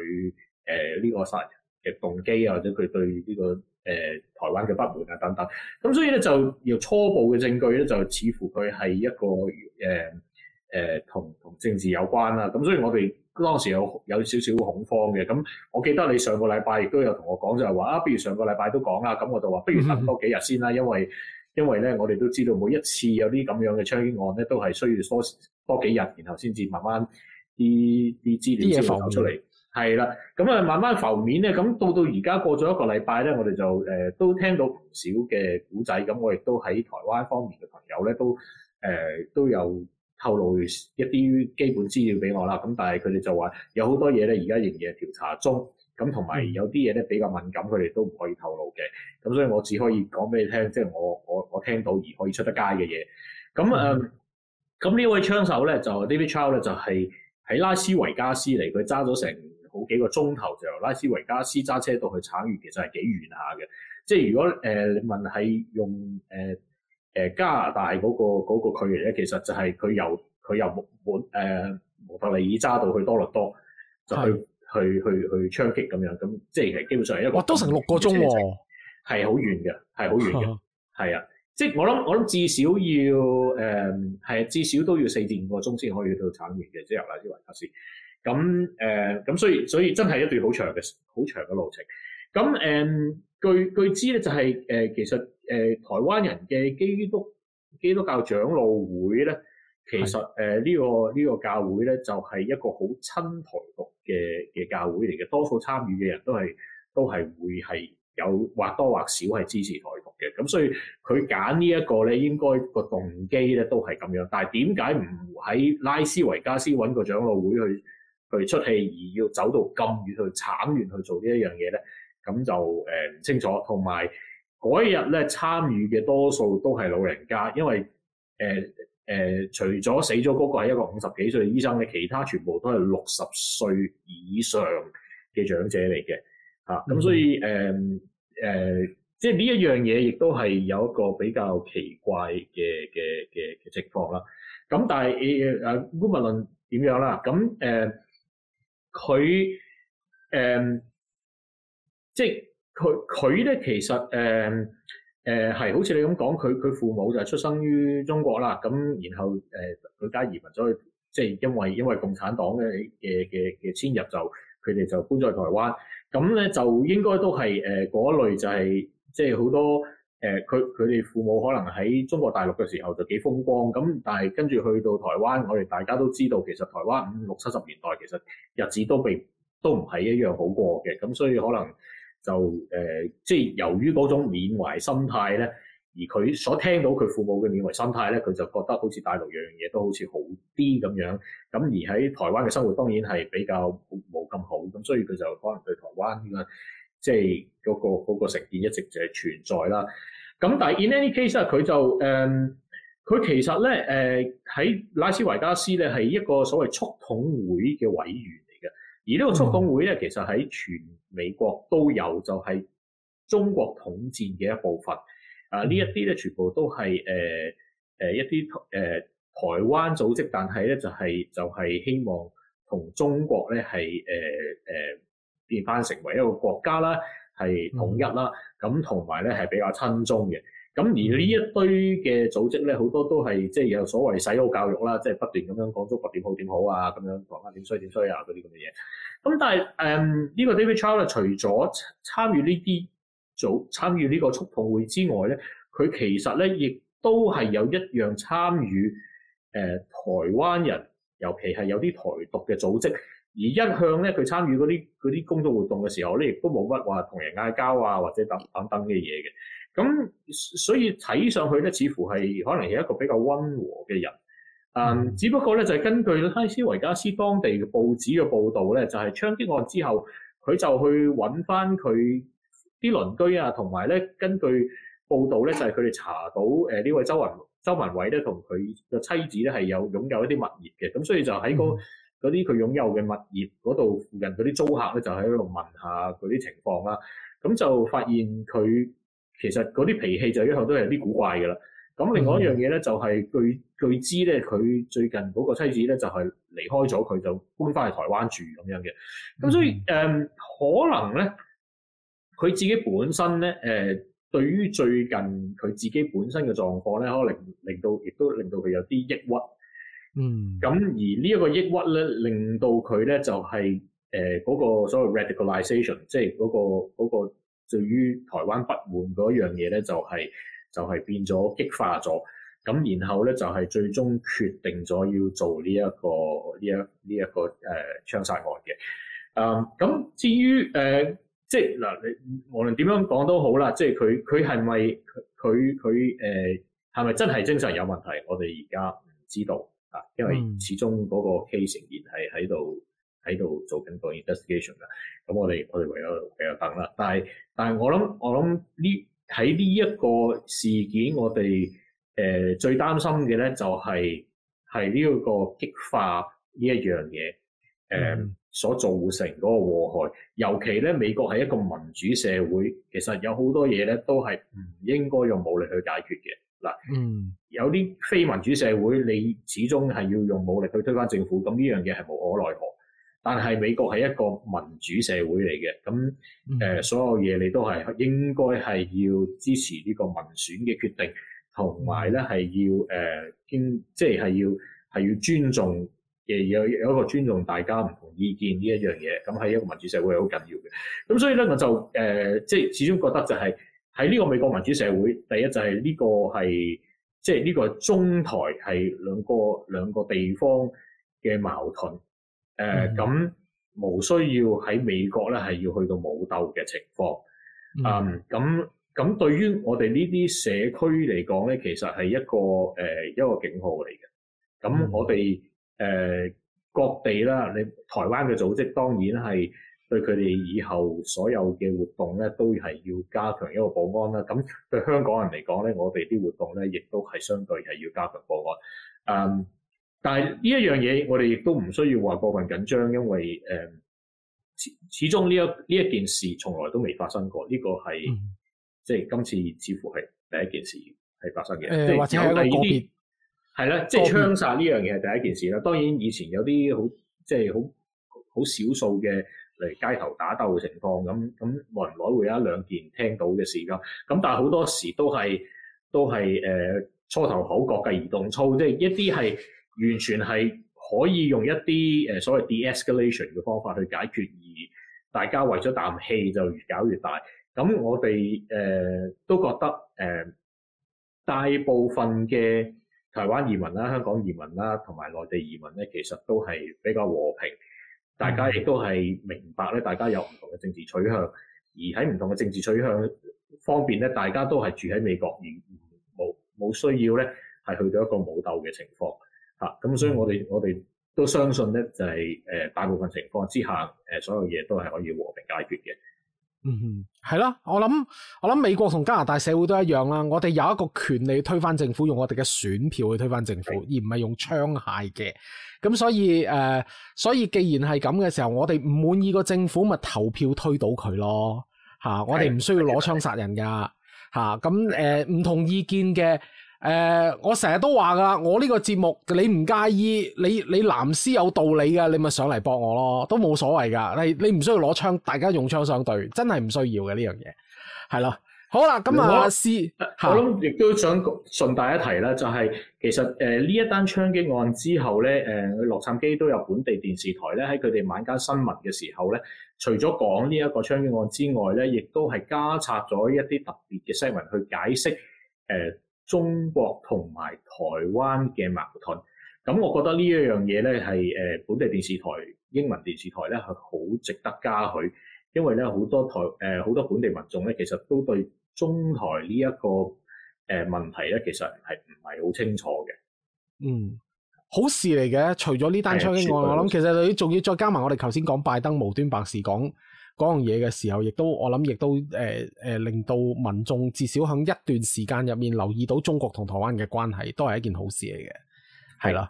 誒呢個殺人嘅動機啊，或者佢對呢、這個誒、呃、台灣嘅不滿啊等等。咁所以咧，就由初步嘅證據咧，就似乎佢係一個誒誒同同政治有關啦。咁所以我哋當時有有少少恐慌嘅。咁我記得你上個禮拜亦都有同我講，就係、是、話啊，不如上個禮拜都講啦。咁我就話不如等多幾日先啦，因為因為咧，我哋都知道每一次有啲咁樣嘅槍擊案咧，都係需要多。多幾日，然後先至慢慢啲啲資料先浮出嚟。係啦，咁啊，慢慢浮面咧。咁到到而家過咗一個禮拜咧，我哋就誒、呃、都聽到唔少嘅古仔。咁我亦都喺台灣方面嘅朋友咧，都誒、呃、都有透露一啲基本資料俾我啦。咁但係佢哋就話有好多嘢咧，而家仍然係調查中。咁同埋有啲嘢咧，比較敏感，佢哋、嗯、都唔可以透露嘅。咁所以我只可以講俾你聽，即、就、係、是、我我我聽到而可以出得街嘅嘢。咁誒。嗯咁呢位槍手咧就 David Child 咧就係、是、喺拉斯維加斯嚟，佢揸咗成好幾個鐘頭，就由拉斯維加斯揸車到去橙縣，其實係幾遠下嘅。即係如果誒你問係用誒誒加拿大嗰、嗰個、嗰個距離咧，其實就係佢由佢由蒙誒蒙特利爾揸到去多倫多，就去的去去去槍擊咁樣。咁即係其實基本上係一個哇，都成六個鐘、哦，係好遠嘅，係好遠嘅，係啊的。即係我諗，我諗至少要誒係啊，至少都要四至五個鐘先可以去到產完嘅，即係由黎之維開始。咁誒咁，所以所以真係一段好長嘅好長嘅路程。咁誒、嗯、據據知咧、就是，就係誒其實誒、呃、台灣人嘅基督基督教長老會咧，其實誒呢是、呃這個呢、這個教會咧就係、是、一個好親台獨嘅嘅教會嚟嘅，多數參與嘅人都係都係會係有或多或少係支持台獨。咁，所以佢揀呢一個咧，應該個動機咧都係咁樣。但係點解唔喺拉斯維加斯揾個長老會去去出氣，而要走到咁遠，遠去橙縣去做一呢一樣嘢咧？咁就誒唔清楚。同埋嗰一日咧參與嘅多數都係老人家，因為誒誒、呃呃，除咗死咗嗰個係一個五十幾歲醫生咧，其他全部都係六十歲以上嘅長者嚟嘅。嚇、啊、咁所以誒誒。嗯呃呃即係呢一樣嘢，亦都係有一個比較奇怪嘅嘅嘅嘅情況啦。咁但係誒誒，無論點樣啦，咁誒，佢誒、呃呃，即係佢佢咧，其實誒誒係好似你咁講，佢佢父母就係出生於中國啦。咁然後誒，佢、呃、家移民咗去，即係因為因為共產黨嘅嘅嘅嘅遷入，就佢哋就搬咗去台灣。咁咧就應該都係誒嗰類就係、是。即係好多誒，佢佢哋父母可能喺中國大陸嘅時候就幾風光，咁但係跟住去到台灣，我哋大家都知道，其實台灣五六七十年代其實日子都並都唔係一樣好過嘅，咁所以可能就誒、呃，即係由於嗰種緬懷心態咧，而佢所聽到佢父母嘅緬懷心態咧，佢就覺得好似大陸樣樣嘢都好似好啲咁樣，咁而喺台灣嘅生活當然係比較冇咁好，咁所以佢就可能對台灣呢個。即係嗰個嗰個成見一直就係存在啦。咁但係 in any case 啊，佢就誒佢其實咧誒喺拉斯維加斯咧係一個所謂促統會嘅委員嚟嘅。而呢個促統會咧，其實喺全美國都有，就係中國統戰嘅一部分。啊，呢一啲咧全部都係誒誒一啲誒、呃、台灣組織，但係咧就係就係希望同中國咧係誒誒，變翻成為一個國家啦，係統一啦，咁同埋咧係比較親中嘅。咁而呢一堆嘅組織咧，好多都係即係有所謂洗腦教育啦，即係不斷咁樣講中國點好點好啊，咁樣講翻點衰點衰啊嗰啲咁嘅嘢。咁但係誒呢個 David Chiao 咧，除咗參與呢啲組參與呢個促進會之外咧，佢其實咧亦都係有一樣參與誒、呃、台灣人，尤其係有啲台獨嘅組織。而一向咧，佢參與嗰啲啲工作活動嘅時候咧，亦都冇乜話同人嗌交啊，或者等等嘅嘢嘅。咁所以睇上去咧，似乎係可能係一個比較溫和嘅人。誒、嗯，只不過咧就係、係、根據拉斯維加斯當地嘅報紙嘅報導咧，就係槍擊案之後，佢就去揾翻佢啲鄰居啊，同埋咧根據報導咧就係佢哋查到誒呢、呃、位周文周文偉咧同佢嘅妻子咧係有擁有一啲物業嘅。咁所以就喺、嗰個。嗯嗰啲佢擁有嘅物業嗰度附近嗰啲租客咧就喺度問下嗰啲情況啦，咁就發現佢其實嗰啲脾氣就一向都係有啲古怪嘅啦。咁另外一樣嘢咧就係據據知咧，佢最近嗰個妻子咧就係、是、離開咗佢，就搬翻去台灣住咁樣嘅。咁所以誒、嗯嗯，可能咧佢自己本身咧誒、呃，對於最近佢自己本身嘅狀況咧，可能令，令到亦都令到佢有啲抑鬱。嗯，咁而呢一個抑鬱咧，令到佢咧就係誒嗰個所謂 r a d i c a l i z a t i o n 即係嗰、那個嗰、那個對、那個、於台灣不滿嗰樣嘢咧，就係、是、就係、是、變咗激化咗。咁然後咧就係、是、最終決定咗要做呢、這、一個呢一呢一個誒槍殺案嘅。啊、呃，咁至於誒、呃、即係嗱，你無論點樣講都好啦，即係佢佢係咪佢佢佢誒係咪真係精神有問題？我哋而家唔知道。因為始終嗰個 case 仍然係喺度喺度做緊個 investigation 㗎，咁我哋我哋唯有繼續等啦。但係但係我諗我諗呢喺呢一個事件，我哋誒、呃、最擔心嘅咧就係係呢一個激化呢一樣嘢誒、嗯呃、所造成嗰個禍害。尤其咧美國係一個民主社會，其實有好多嘢咧都係唔應該用武力去解決嘅。嗱，嗯，有啲非民主社會，你始終係要用武力去推翻政府，咁呢樣嘢係無可奈何。但係美國係一個民主社會嚟嘅，咁誒、嗯呃，所有嘢你都係應該係要支持呢個民選嘅決定，同埋咧係要誒經、呃，即係係要係要尊重，亦有有一個尊重大家唔同意見呢一樣嘢。咁係一個民主社會係好緊要嘅。咁所以咧，我就誒、呃，即係始終覺得就係、是。喺呢個美國民主社會，第一就係、係、呢個係即係呢個中台係兩個兩個地方嘅矛盾，誒咁、mm hmm. 呃、無需要喺美國咧係要去到武鬥嘅情況。啊咁咁對於我哋呢啲社區嚟講咧，其實係一個誒、呃、一個警號嚟嘅，咁我哋誒、mm hmm. 呃、各地啦，你台灣嘅組織當然係。對佢哋以後所有嘅活動咧，都係要加強一個保安啦。咁對香港人嚟講咧，我哋啲活動咧，亦都係相對係要加強保安。誒、嗯，但係呢一樣嘢，我哋亦都唔需要話過分緊張，因為誒、嗯，始始終呢一呢一件事從來都未發生過。呢、這個係、嗯、即係今次似乎係第一件事係發生嘅。誒、呃，即是或者係一個個別係啦二別，即係槍殺呢樣嘢係第一件事啦。當然以前有啲好即係好好少數嘅。例如街頭打鬥嘅情況，咁咁耐唔耐會有一兩件聽到嘅事㗎。咁但係好多時都係都係誒、呃、初頭口角嘅移動操，即係一啲係完全係可以用一啲誒所謂 deescalation 嘅方法去解決，而大家為咗啖氣就越搞越大。咁我哋誒、呃、都覺得誒、呃、大部分嘅台灣移民啦、香港移民啦，同埋內地移民咧，其實都係比較和平。大家亦都係明白咧，大家有唔同嘅政治取向，而喺唔同嘅政治取向方面咧，大家都係住喺美國，而冇冇需要咧係去到一個武鬥嘅情況吓，咁所以我哋我哋都相信咧就係誒大部分情況之下，誒所有嘢都係可以和平解決嘅。嗯，係咯，我諗我諗美國同加拿大社會都一樣啦。我哋有一個權利推翻政府，用我哋嘅選票去推翻政府，而唔係用槍械嘅。咁所以誒、呃，所以既然係咁嘅時候，我哋唔滿意個政府，咪投票推倒佢咯。吓、啊，我哋唔需要攞槍殺人㗎。吓、啊，咁誒，唔、呃、同意見嘅。誒、呃，我成日都話噶啦，我呢個節目你唔介意，你你藍絲有道理噶，你咪上嚟駁我咯，都冇所謂噶。你你唔需要攞槍，大家用槍相對，真係唔需要嘅呢樣嘢，係啦。好啦，咁、嗯、啦啊，師，我諗亦都想順帶一提咧，就係的其實誒呢、呃、一單槍擊案之後咧，誒、呃、洛杉磯都有本地電視台咧喺佢哋晚間新聞嘅時候咧，除咗講呢一個槍擊案之外咧，亦都係加插咗一啲特別嘅新聞去解釋誒，呃中國同埋台灣嘅矛盾，咁我覺得呢一樣嘢咧係誒本地電視台、英文電視台咧係好值得嘉許，因為咧好多台誒好、呃、多本地民眾咧其實都對中台呢一個誒問題咧其實係唔係好清楚嘅。嗯，好事嚟嘅，除咗呢單槍擊外，我諗其實你仲要再加埋我哋頭先講拜登無端白事講。講嗰樣嘢嘅時候，亦都我諗，亦都誒誒，令到民眾至少喺一段時間入面留意到中國同台灣嘅關係，都係一件好事嚟嘅，係咯，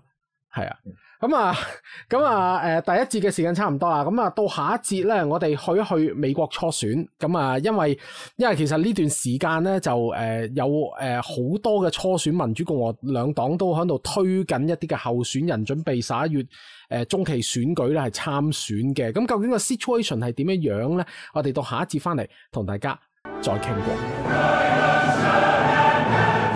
係啊的。咁啊，咁啊、嗯，誒、嗯，第一節嘅時間差唔多啦，咁啊，到下一節咧，我哋去一去美國初選，咁、嗯、啊，因為因為其實呢段時間咧，就誒、呃、有誒好、呃、多嘅初選民主共和兩黨都喺度推緊一啲嘅候選人準備十一月誒中期選舉咧係參選嘅，咁、嗯、究竟個 situation 係點樣樣咧？我哋到下一節翻嚟同大家再傾過。啊啊啊啊啊。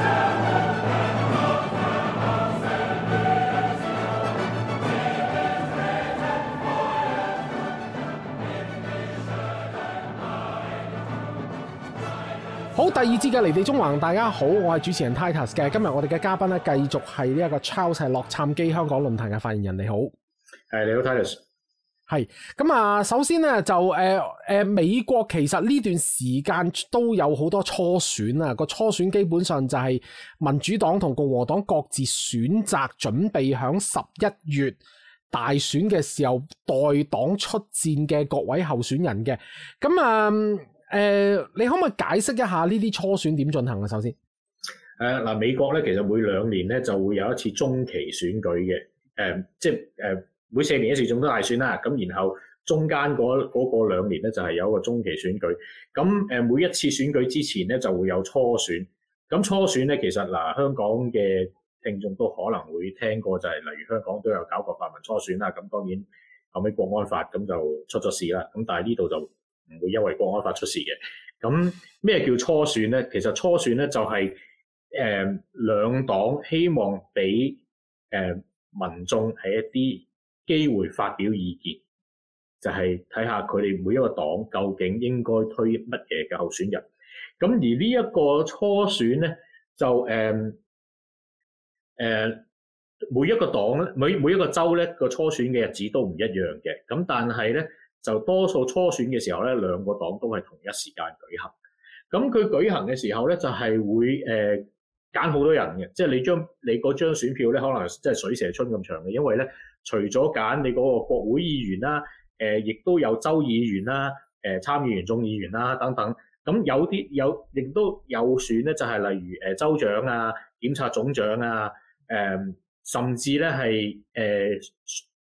好，第二節嘅離地縱橫，大家好，我係主持人 Titus 嘅。今日我哋嘅嘉賓咧，繼續係呢一個 Charles 係洛杉磯香港論壇嘅發言人。你好，誒，你好 Titus，係。咁啊，首先呢，就誒誒、呃呃，美國其實呢段時間都有好多初選啊。個初選基本上就係民主黨同共和黨各自選擇準備響十一月大選嘅時候代黨出戰嘅各位候選人嘅。咁啊。嗯誒、嗯，你可唔可以解釋一下呢啲初選點進行啊？首先，誒嗱、呃，美國咧其實每兩年咧就會有一次中期選舉嘅，誒、呃、即係誒、呃、每四年一次總統大選啦。咁然後中間嗰、那、嗰、個那個兩年咧就係、是、有一個中期選舉。咁誒每一次選舉之前咧就會有初選。咁初選咧其實嗱、呃，香港嘅聽眾都可能會聽過、就是，就係例如香港都有搞過泛民初選啦。咁當然後尾國安法咁就出咗事啦。咁但係呢度就唔會因為國安法出事嘅。咁咩叫初選咧？其實初選咧就係、是、誒、呃、兩黨希望俾誒、呃、民眾喺一啲機會發表意見，就係、是、睇下佢哋每一個黨究竟應該推乜嘢嘅候選人。咁而呢一個初選咧就誒誒、呃呃、每一個黨咧每每一個州咧個初選嘅日子都唔一樣嘅。咁但係咧。就多數初選嘅時候咧，兩個黨都係同一時間舉行。咁佢舉行嘅時候咧，就係會誒揀好多人嘅，即係你將你嗰張選票咧，可能即係水蛇春咁長嘅。因為咧，除咗揀你嗰個國會議員啦，誒、呃，亦都有州議員啦，誒、呃，參議員、眾議員啦等等。咁有啲有亦都有選咧，就係例如誒、呃、州長啊、檢察總長啊，誒、呃，甚至咧係誒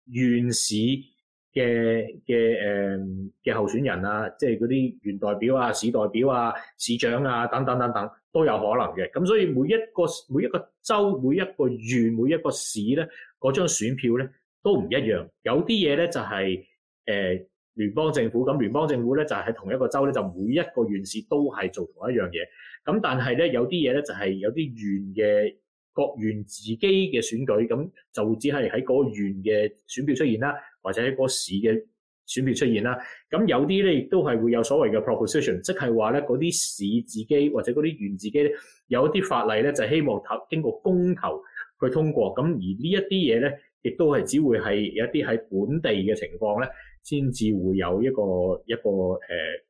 縣市。呃嘅嘅誒嘅候選人啊，即係嗰啲原代表啊、市代表啊、市長啊等等等等都有可能嘅。咁所以每一個每一個州、每一個縣、每一個市咧，嗰張選票咧都唔一樣。有啲嘢咧就係、是、誒、呃、聯邦政府，咁聯邦政府咧就喺、是、同一個州咧，就每一個縣市都係做同一樣嘢。咁但係咧有啲嘢咧就係、是、有啲縣嘅。各縣自己嘅選舉，咁就只係喺嗰個縣嘅選票出現啦，或者喺嗰個市嘅選票出現啦。咁有啲咧亦都係會有所謂嘅 proposition，即係話咧嗰啲市自己或者嗰啲縣自己有啲法例咧，就係希望投經過公投去通過。咁而呢一啲嘢咧，亦都係只會係有一啲喺本地嘅情況咧，先至會有一個一個誒嗰、呃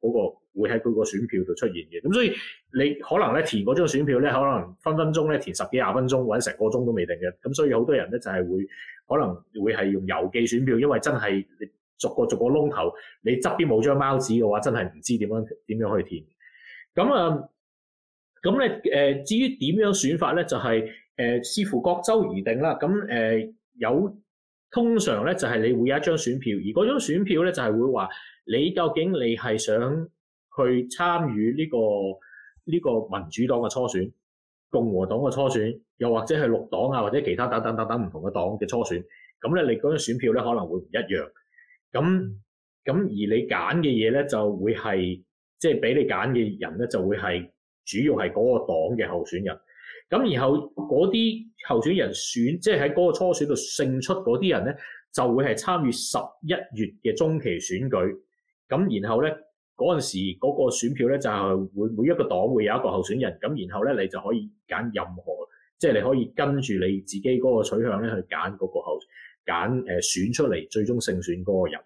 嗰個。會喺佢個選票度出現嘅，咁所以你可能咧填嗰張選票咧，可能分分鐘咧填十幾廿分鐘，或者成個鐘都未定嘅，咁所以好多人咧就係、是、會可能會係用郵寄選票，因為真係你逐個逐個窿頭，你側邊冇張貓紙嘅話，真係唔知點樣點樣去填。咁啊，咁咧誒，至於點樣選法咧，就係誒視乎各州而定啦。咁誒、呃、有通常咧就係、是、你會有一張選票，而嗰張選票咧就係、是、會話你究竟你係想。去參與呢個呢個民主黨嘅初選、共和黨嘅初選，又或者係綠黨啊，或者其他等等等等唔同嘅黨嘅初選，咁咧你嗰張選票咧可能會唔一樣，咁咁而你揀嘅嘢咧就會係即係俾你揀嘅人咧就會係主要係嗰個黨嘅候選人，咁然後嗰啲候選人選即係喺嗰個初選度勝出嗰啲人咧就會係參與十一月嘅中期選舉，咁然後咧。嗰陣時，嗰個選票咧就係會每一個黨會有一個候選人，咁然後咧你就可以揀任何，即、就、係、是、你可以跟住你自己嗰個取向咧去揀嗰個候揀誒選，選出嚟最終勝選嗰個人。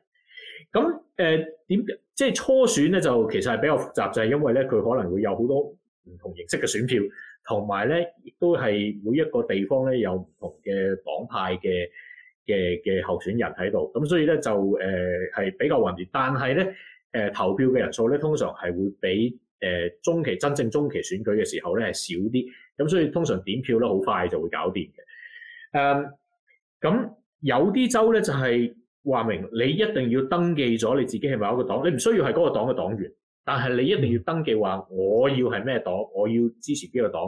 咁誒點即係初選咧就其實係比較複雜，就係、是、因為咧佢可能會有好多唔同形式嘅選票，同埋咧亦都係每一個地方咧有唔同嘅黨派嘅嘅嘅候選人喺度，咁所以咧就誒係、呃、比較混亂。但係咧。誒投票嘅人數咧，通常係會比誒、呃、中期真正中期選舉嘅時候咧係少啲。咁所以通常點票咧好快就會搞掂嘅。誒、嗯、咁有啲州咧就係、是、話明你一定要登記咗你自己係某一個黨，你唔需要係嗰個黨嘅黨員，但係你一定要登記話我要係咩黨，我要支持邊個黨。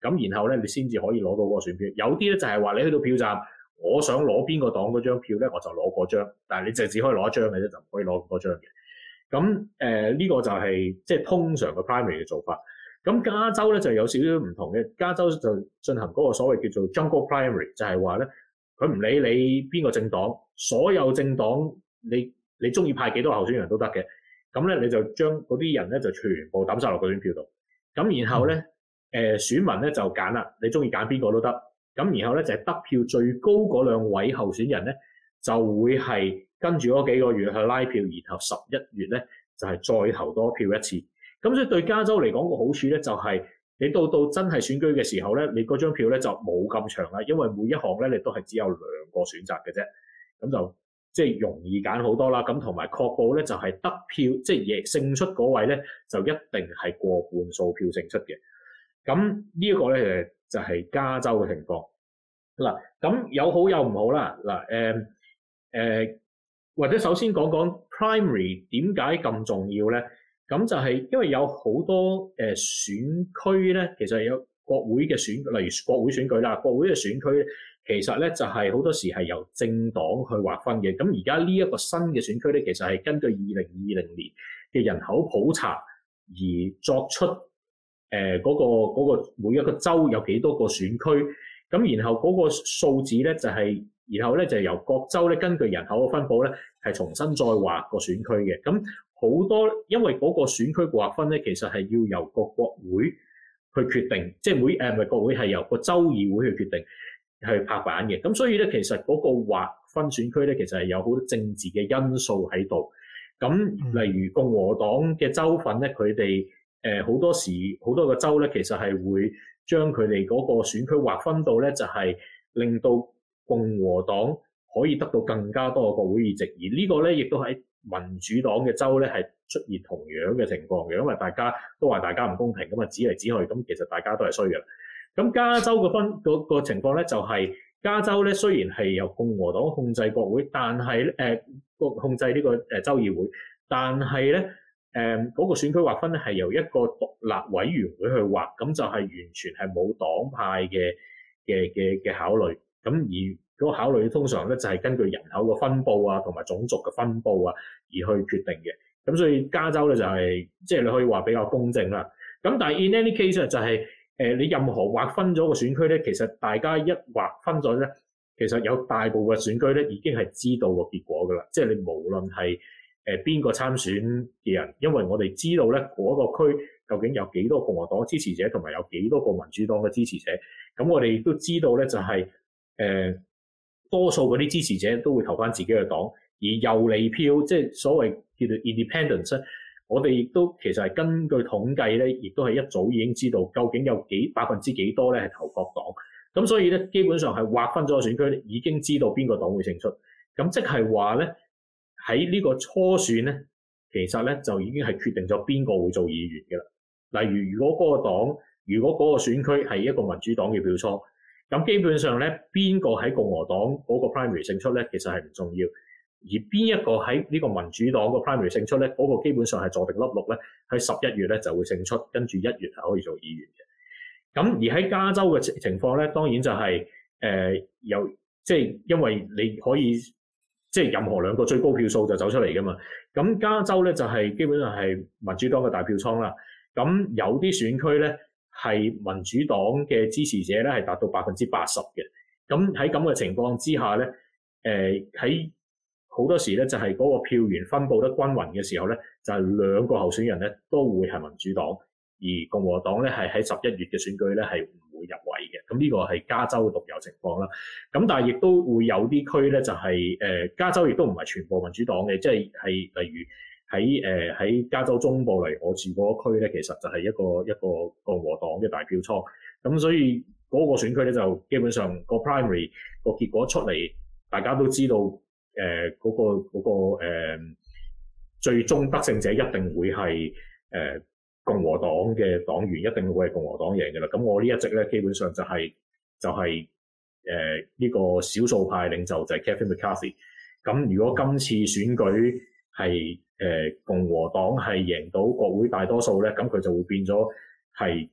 咁然後咧你先至可以攞到嗰個選票。有啲咧就係、是、話你去到票站，我想攞邊個黨嗰張票咧，我就攞嗰張。但係你淨係只可以攞一張嘅啫，就唔可以攞咁多張嘅。咁誒呢個就係、是、即係通常嘅 primary 嘅做法。咁加州咧就有少少唔同嘅，加州就進行嗰個所謂叫做 jungle primary，就係話咧佢唔理你邊個政黨，所有政黨你你中意派幾多候選人都得嘅。咁咧你就將嗰啲人咧就全部抌晒落嗰啲票度。咁然後咧誒、嗯呃、選民咧就揀啦，你中意揀邊個都得。咁然後咧就係、是、得票最高嗰兩位候選人咧就會係。跟住嗰幾個月去拉票，然後十一月咧就係、是、再投多票一次。咁所以對加州嚟講個好處咧，就係、是、你到到真係選舉嘅時候咧，你嗰張票咧就冇咁長啦，因為每一項咧你都係只有兩個選擇嘅啫，咁就即係、就是、容易揀好多啦。咁同埋確保咧就係、是、得票即係贏勝出嗰位咧就一定係過半數票勝出嘅。咁呢一個咧就係、是、加州嘅情況。嗱，咁有好有唔好啦。嗱，誒、嗯、誒。嗯。或者首先講講 primary 點解咁重要咧？咁就係因為有好多誒選區咧，其實有國會嘅選，例如國會選舉啦，國會嘅選區其實咧就係好多時係由政黨去劃分嘅。咁而家呢一個新嘅選區咧，其實係根據二零二零年嘅人口普查而作出誒嗰個嗰個每一個州有幾多個選區，咁然後嗰個數字咧就係。然後咧就由各州咧根據人口嘅分布咧係重新再劃個選區嘅。咁好多因為嗰個選區劃分咧其實係要由各國會去決定，即係每，誒唔係國會，係由個州議會去決定去拍板嘅。咁所以咧其實嗰個劃分選區咧其實係有好多政治嘅因素喺度。咁例如共和黨嘅州份咧，佢哋誒好多時好多個州咧其實係會將佢哋嗰個選區劃分到咧就係令到。共和黨可以得到更加多嘅國會議席，而呢個咧亦都喺民主黨嘅州咧係出現同樣嘅情況嘅，因為大家都話大家唔公平咁啊，指嚟指去咁，其實大家都係衰嘅。咁加州個分、嗰個情況咧就係、是、加州咧雖然係由共和黨控制國會，但係咧誒個控制呢個誒州議會，但係咧誒嗰個選區劃分咧係由一個獨立委員會去劃，咁就係完全係冇黨派嘅嘅嘅嘅考慮。咁而嗰個考慮通常咧就係根據人口嘅分布啊，同埋種族嘅分布啊而去決定嘅。咁所以加州咧就係即係你可以話比較公正啦。咁但係 in any case 就係誒你任何劃分咗個選區咧，其實大家一劃分咗咧，其實有大部分選區咧已經係知道個結果噶啦。即係你無論係誒邊個參選嘅人，因為我哋知道咧嗰個區究竟有幾多共和黨支持者同埋有幾多個民主黨嘅支持者，咁我哋亦都知道咧就係、是。誒、呃、多數嗰啲支持者都會投翻自己嘅黨，而游離票即係所謂叫做 Independence，我哋亦都其實係根據統計咧，亦都係一早已經知道究竟有幾百分之幾多咧係投各黨，咁所以咧基本上係劃分咗個選區，已經知道邊個黨會勝出，咁即係話咧喺呢個初選咧，其實咧就已經係決定咗邊個會做議員嘅啦。例如如果嗰個黨，如果嗰個選區係一個民主黨嘅票倉。咁基本上咧，邊個喺共和黨嗰個 primary 勝出咧，其實係唔重要；而邊一個喺呢個民主黨嘅 primary 勝出咧，嗰、那個基本上係坐定粒六咧，喺十一月咧就會勝出，跟住一月係可以做議員嘅。咁而喺加州嘅情況咧，當然就係、是、誒、呃、有即係、就是、因為你可以即係、就是、任何兩個最高票數就走出嚟㗎嘛。咁加州咧就係、是、基本上係民主黨嘅大票倉啦。咁有啲選區咧。係民主黨嘅支持者咧，係達到百分之八十嘅。咁喺咁嘅情況之下咧，誒喺好多時咧就係嗰個票源分佈得均勻嘅時候咧，就係、是、兩個候選人咧都會係民主黨，而共和黨咧係喺十一月嘅選舉咧係唔會入圍嘅。咁呢個係加州獨有情況啦。咁但係亦都會有啲區咧就係、是、誒、呃、加州亦都唔係全部民主黨嘅，即係係例如。喺誒喺加州中部嚟，我住嗰區咧，其實就係一個一個共和黨嘅大票倉。咁所以嗰個選區咧，就基本上個 primary 個結果出嚟，大家都知道誒嗰、呃嗰個嗰、嗰個呃、最終得勝者一定會係誒、呃、共和黨嘅黨員，一定會係共和黨贏嘅啦。咁我一呢一隻咧，基本上就係、係、就係誒呢個少數派領袖就係 Kevin McCarthy。咁如果今次選舉，係誒、呃、共和黨係贏到國會大多數咧，咁佢就會變咗係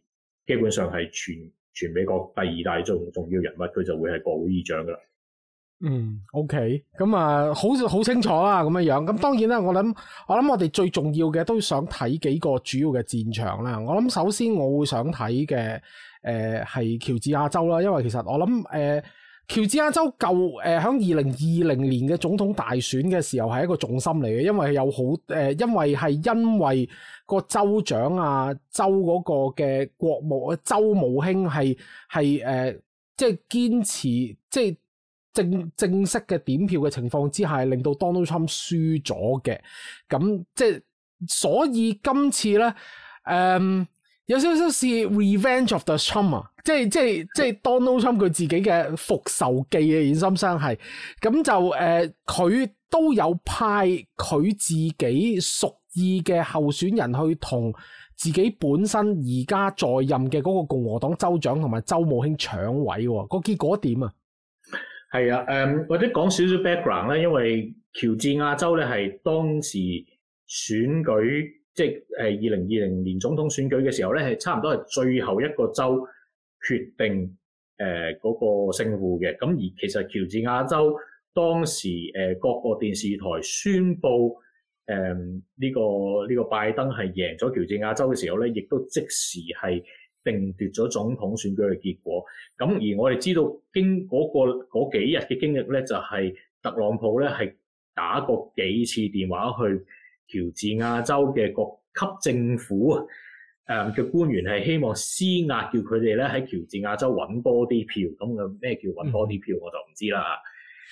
基本上係全全美國第二大最重,重要人物，佢就會係國會議長㗎喇。嗯，OK，咁啊，好好清楚啦，咁樣樣。咁當然啦，我諗我諗我哋最重要嘅都想睇幾個主要嘅戰場啦。我諗首先我會想睇嘅誒係喬治亞州啦，因為其實我諗誒。呃喬治亞州舊誒，喺二零二零年嘅總統大選嘅時候係一個重心嚟嘅，因為有好誒、呃，因為係因為個州長啊州，嗰個嘅國務啊州務卿係係誒，即係堅持即係、即係、正正式嘅點票嘅情況之下，令到 Donald Trump 輸咗嘅，咁即係所以今次咧，誒、呃。有少少似《Revenge of the Trump》啊，即係即係即係 Donald Trump 佢自己嘅復仇記啊，然心生係咁就誒，佢、呃、都有派佢自己屬意嘅候選人去同自己本身而家在，在任嘅嗰個共和黨州長同埋州務卿搶位喎，哦那個結果點啊？係啊，誒，或者講少少 background 咧，因為喬治亞州咧係當時選舉。即係二零二零年總統選舉嘅時候咧，係差唔多係最後一個州決定誒嗰、呃嗰個勝負嘅。咁而其實喬治亞州當時誒各個電視台宣布誒呢、呃呢個呢、呢個拜登係贏咗喬治亞州嘅時候咧，亦都即時係定奪咗總統選舉嘅結果。咁而我哋知道經嗰、嗰個嗰幾日嘅經歷咧，就係、係、特朗普咧係打過幾次電話去。喬治亞州嘅各級政府啊，誒嘅官員係希望施壓，叫佢哋咧喺喬治亞州揾多啲票。咁嘅咩叫揾多啲票，我就唔知啦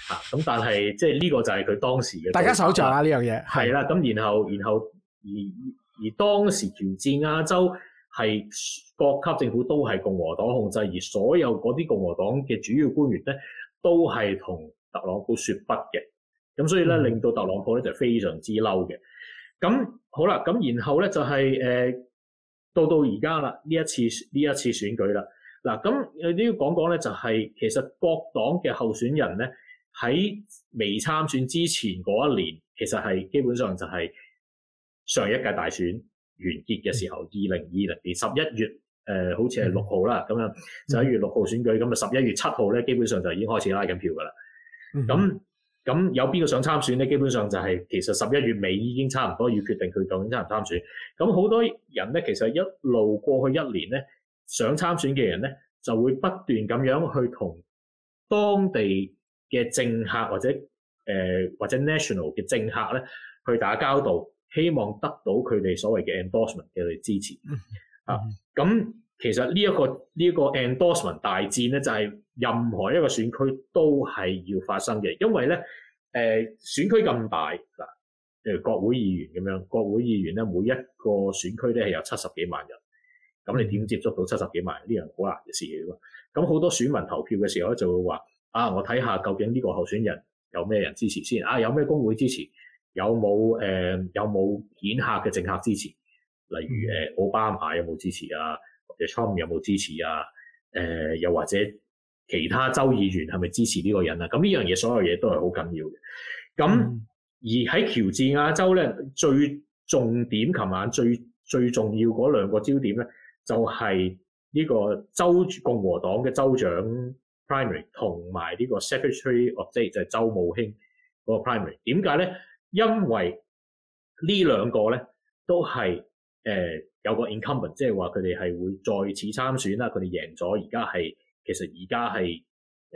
吓。咁、嗯啊、但係即係呢、這個就係佢當時嘅。大家守著啦呢樣嘢。係啦，咁然後然後而而當時喬治亞州係各級政府都係共和黨控制，而所有嗰啲共和黨嘅主要官員咧都係同特朗普說不嘅。咁所以咧令到特朗普咧就是、非常之嬲嘅。嗯咁好啦，咁然後咧就係、是、誒、呃、到到而家啦，呢一次呢一次選舉啦。嗱，咁要講講咧就係、是、其實各黨嘅候選人咧喺未參選之前嗰一年，其實係基本上就係上一屆大選完結嘅時候，二零二零年十一月誒、呃，好似係六號啦咁樣，十一月六號選舉，咁啊十一月七號咧基本上就已經開始拉緊票㗎啦。咁、嗯咁有邊個想參選咧？基本上就係其實十一月尾已經差唔多要決定佢究竟參唔參選。咁好多人咧，其實一路過去一年咧，想參選嘅人咧，就會不斷咁樣去同當地嘅政客或者誒、呃、或者 national 嘅政客咧去打交道，希望得到佢哋所謂嘅 endorsement 嘅嚟支持、嗯、啊。咁其實呢、這、一個呢、這個 endorsement 大戰咧，就係、是、任何一個選區都係要發生嘅，因為咧，誒、呃、選區咁大嗱，例如國會議員咁樣，國會議員咧每一個選區咧係有七十幾萬人，咁你點接觸到七十幾萬人？呢樣好難嘅事嚟嘅。咁好多選民投票嘅時候咧，就會話啊，我睇下究竟呢個候選人有咩人支持先，啊，有咩工會支持，有冇誒有冇顯、呃、客嘅政客支持，例如誒、呃、奧巴馬有冇支持啊？Trump 有冇支持啊？誒、呃，又或者其他州議員係咪支持呢個人啊？咁呢樣嘢，所有嘢都係好緊要嘅。咁而喺喬治亞州咧，最重點、琴晚最最重要嗰兩個焦點咧，就係、是、呢個州共和黨嘅州長 primary 同埋呢個 secretary of state 就係州務卿嗰個 primary。點解咧？因為兩呢兩個咧都係誒。呃有個 incumbent 即係話佢哋係會再次參選啦。佢哋贏咗，而家係其實而家係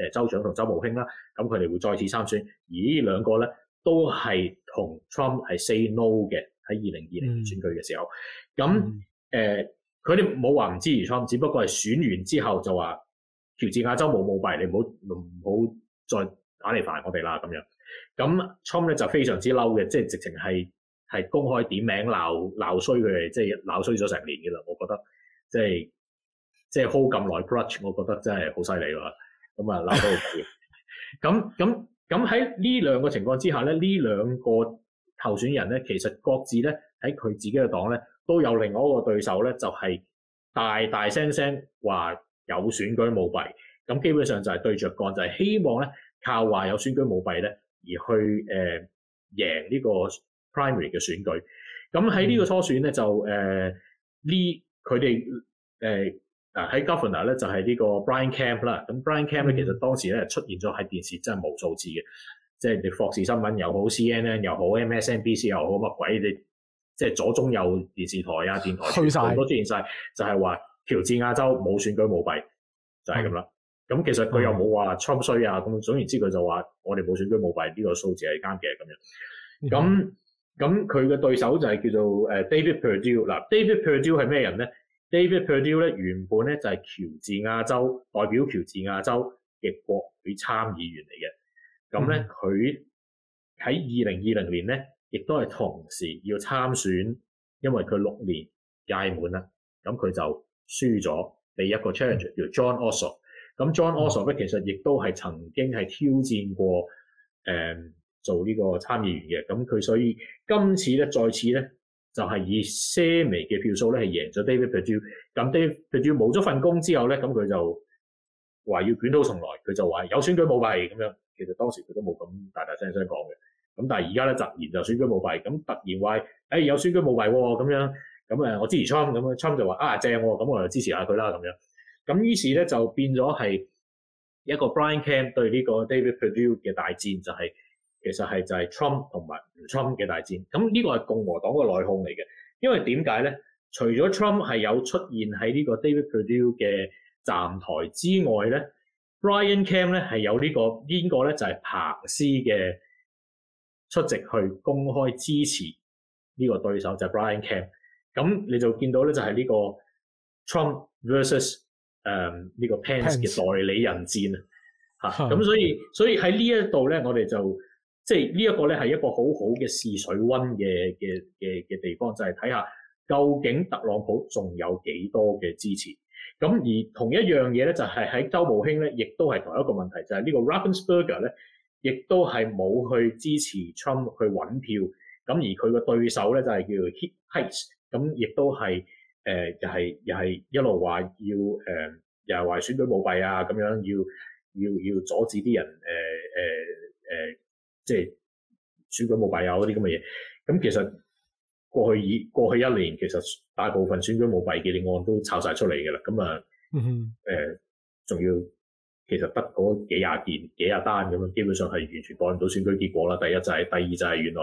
誒州長同州務卿啦。咁佢哋會再次參選。咦，而兩個咧都係同 Trump 係 say no 嘅，喺二零二零選舉嘅時候。咁誒、嗯，佢哋冇話唔支持 Trump，只不過係選完之後就話喬治亞洲冇舞弊，你唔好唔好再打嚟煩我哋啦咁樣。咁 Trump 咧就非常之嬲嘅，即係直情係。係公開點名鬧鬧衰佢哋，即係鬧衰咗成年嘅啦。我覺得即係即係 hold 咁耐，brush，我覺得真係好犀利啦。咁啊鬧到好攰。咁咁咁喺呢兩個情況之下咧，呢兩個候選人咧，其實各自咧喺佢自己嘅黨咧都有另外一個對手咧，就係、是、大大聲聲話有選舉舞弊。咁基本上就係對着幹，就係、是、希望咧靠話有選舉舞弊咧而去誒、呃、贏呢、這個 primary 嘅選舉，咁喺呢個初選咧就誒、呃呃、呢佢哋誒啊喺 governor 咧就係、是、呢個 Brian Kemp 啦，咁 Brian Kemp 咧、嗯、其實當時咧出現咗喺電視真係無數次嘅，即係你霍士新聞又好，CNN 又好，M S N B C 又好乜鬼，你即係左中右電視台啊電台，好多出現晒，就係話喬治亞州冇選舉舞弊，就係咁啦。咁、嗯嗯、其實佢又冇話川普衰啊，咁總言之佢就話我哋冇選舉舞弊，呢、這個數字係啱嘅咁樣，咁。嗯嗯咁佢嘅對手就係叫做誒 David Perdue Perd。嗱，David Perdue 係咩人咧？David Perdue 咧原本咧就係喬治亞州代表喬治亞州嘅國會參議員嚟嘅。咁咧佢喺二零二零年咧，亦都係同時要參選，因為佢六年屆滿啦。咁佢就輸咗第一個 challenge 叫 John Osso Os、so 嗯。咁 John Osso 咧其實亦都係曾經係挑戰過誒。嗯做呢個參議員嘅，咁佢所以今次咧再次咧就係、是、以些微嘅票數咧係贏咗 David Perdue。咁 David Perdue 冇咗份工之後咧，咁佢就話要捲土重來，佢就話有選舉舞弊咁樣。其實當時佢都冇咁大大聲聲講嘅。咁但係而家咧突然就選舉舞弊，咁突然話誒、哎、有選舉舞弊咁、啊、樣，咁誒我支持 Trump 咁啊，Trump 就話啊正，咁、嗯、我就支持下佢啦咁樣。咁於是咧就變咗係一個 Brian Kemp 對呢個 David Perdue 嘅大戰，就係、是。其實係就係 Trump 同埋唔 Trump 嘅大戰，咁呢個係共和黨嘅內訌嚟嘅，因為點解咧？除咗 Trump 係有出現喺呢個 David Perdue 嘅站台之外咧、嗯、，Brian Kemp 咧係有呢、這個邊、這個咧就係彭斯嘅出席去公開支持呢個對手就係、是、Brian Kemp 咁你就見到咧就係呢個 Trump versus 誒、嗯、呢、這個 Pence 嘅代理人戰啊，吓咁、嗯嗯、所以所以喺呢一度咧我哋就。即係呢一個咧，係一個好好嘅試水溫嘅嘅嘅嘅地方，就係、是、睇下究竟特朗普仲有幾多嘅支持。咁而同一樣嘢咧，就係喺州務卿咧，亦都係同一個問題，就係、是、呢個 Raffensperger 咧，亦都係冇去支持 Trump 去揾票。咁而佢嘅對手咧，就係、是、叫做 Heights，咁亦都係誒，又係又係一路話要誒、呃，又係話選舉舞弊啊，咁樣要要要阻止啲人誒誒誒。呃呃呃呃即係選舉舞弊有嗰啲咁嘅嘢，咁其實過去以過去一年，其實大部分選舉舞弊嘅案都炒晒出嚟嘅啦。咁啊，誒、mm，仲、hmm。嗯、要其實得嗰幾廿件、幾廿單咁樣，基本上係完全代唔到選舉結果啦。第一就係、是，第二就係原來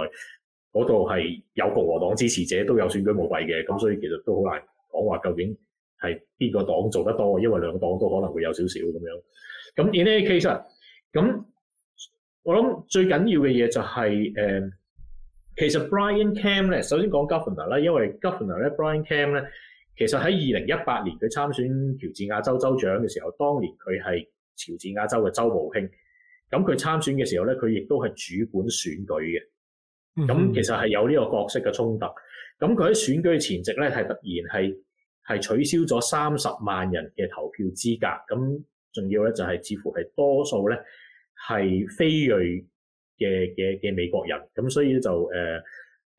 嗰度係有共和黨支持者都有選舉舞弊嘅，咁所以其實都好難講話究竟係邊個黨做得多，因為兩個黨都可能會有少少咁樣。咁 In any case，咁。我諗最緊要嘅嘢就係誒，其實 Brian Kemp 咧，首先講 Governor 啦，因為 Governor 咧，Brian Kemp 咧，其實喺二零一八年佢參選喬治亞州州長嘅時候，當年佢係喬治亞州嘅州務卿。咁佢參選嘅時候咧，佢亦都係主管選舉嘅，咁其實係有呢個角色嘅衝突，咁佢喺選舉嘅前夕咧，係突然係係取消咗三十萬人嘅投票資格，咁仲要咧就係、是、似乎係多數咧。係非裔嘅嘅嘅美國人，咁所以咧就誒，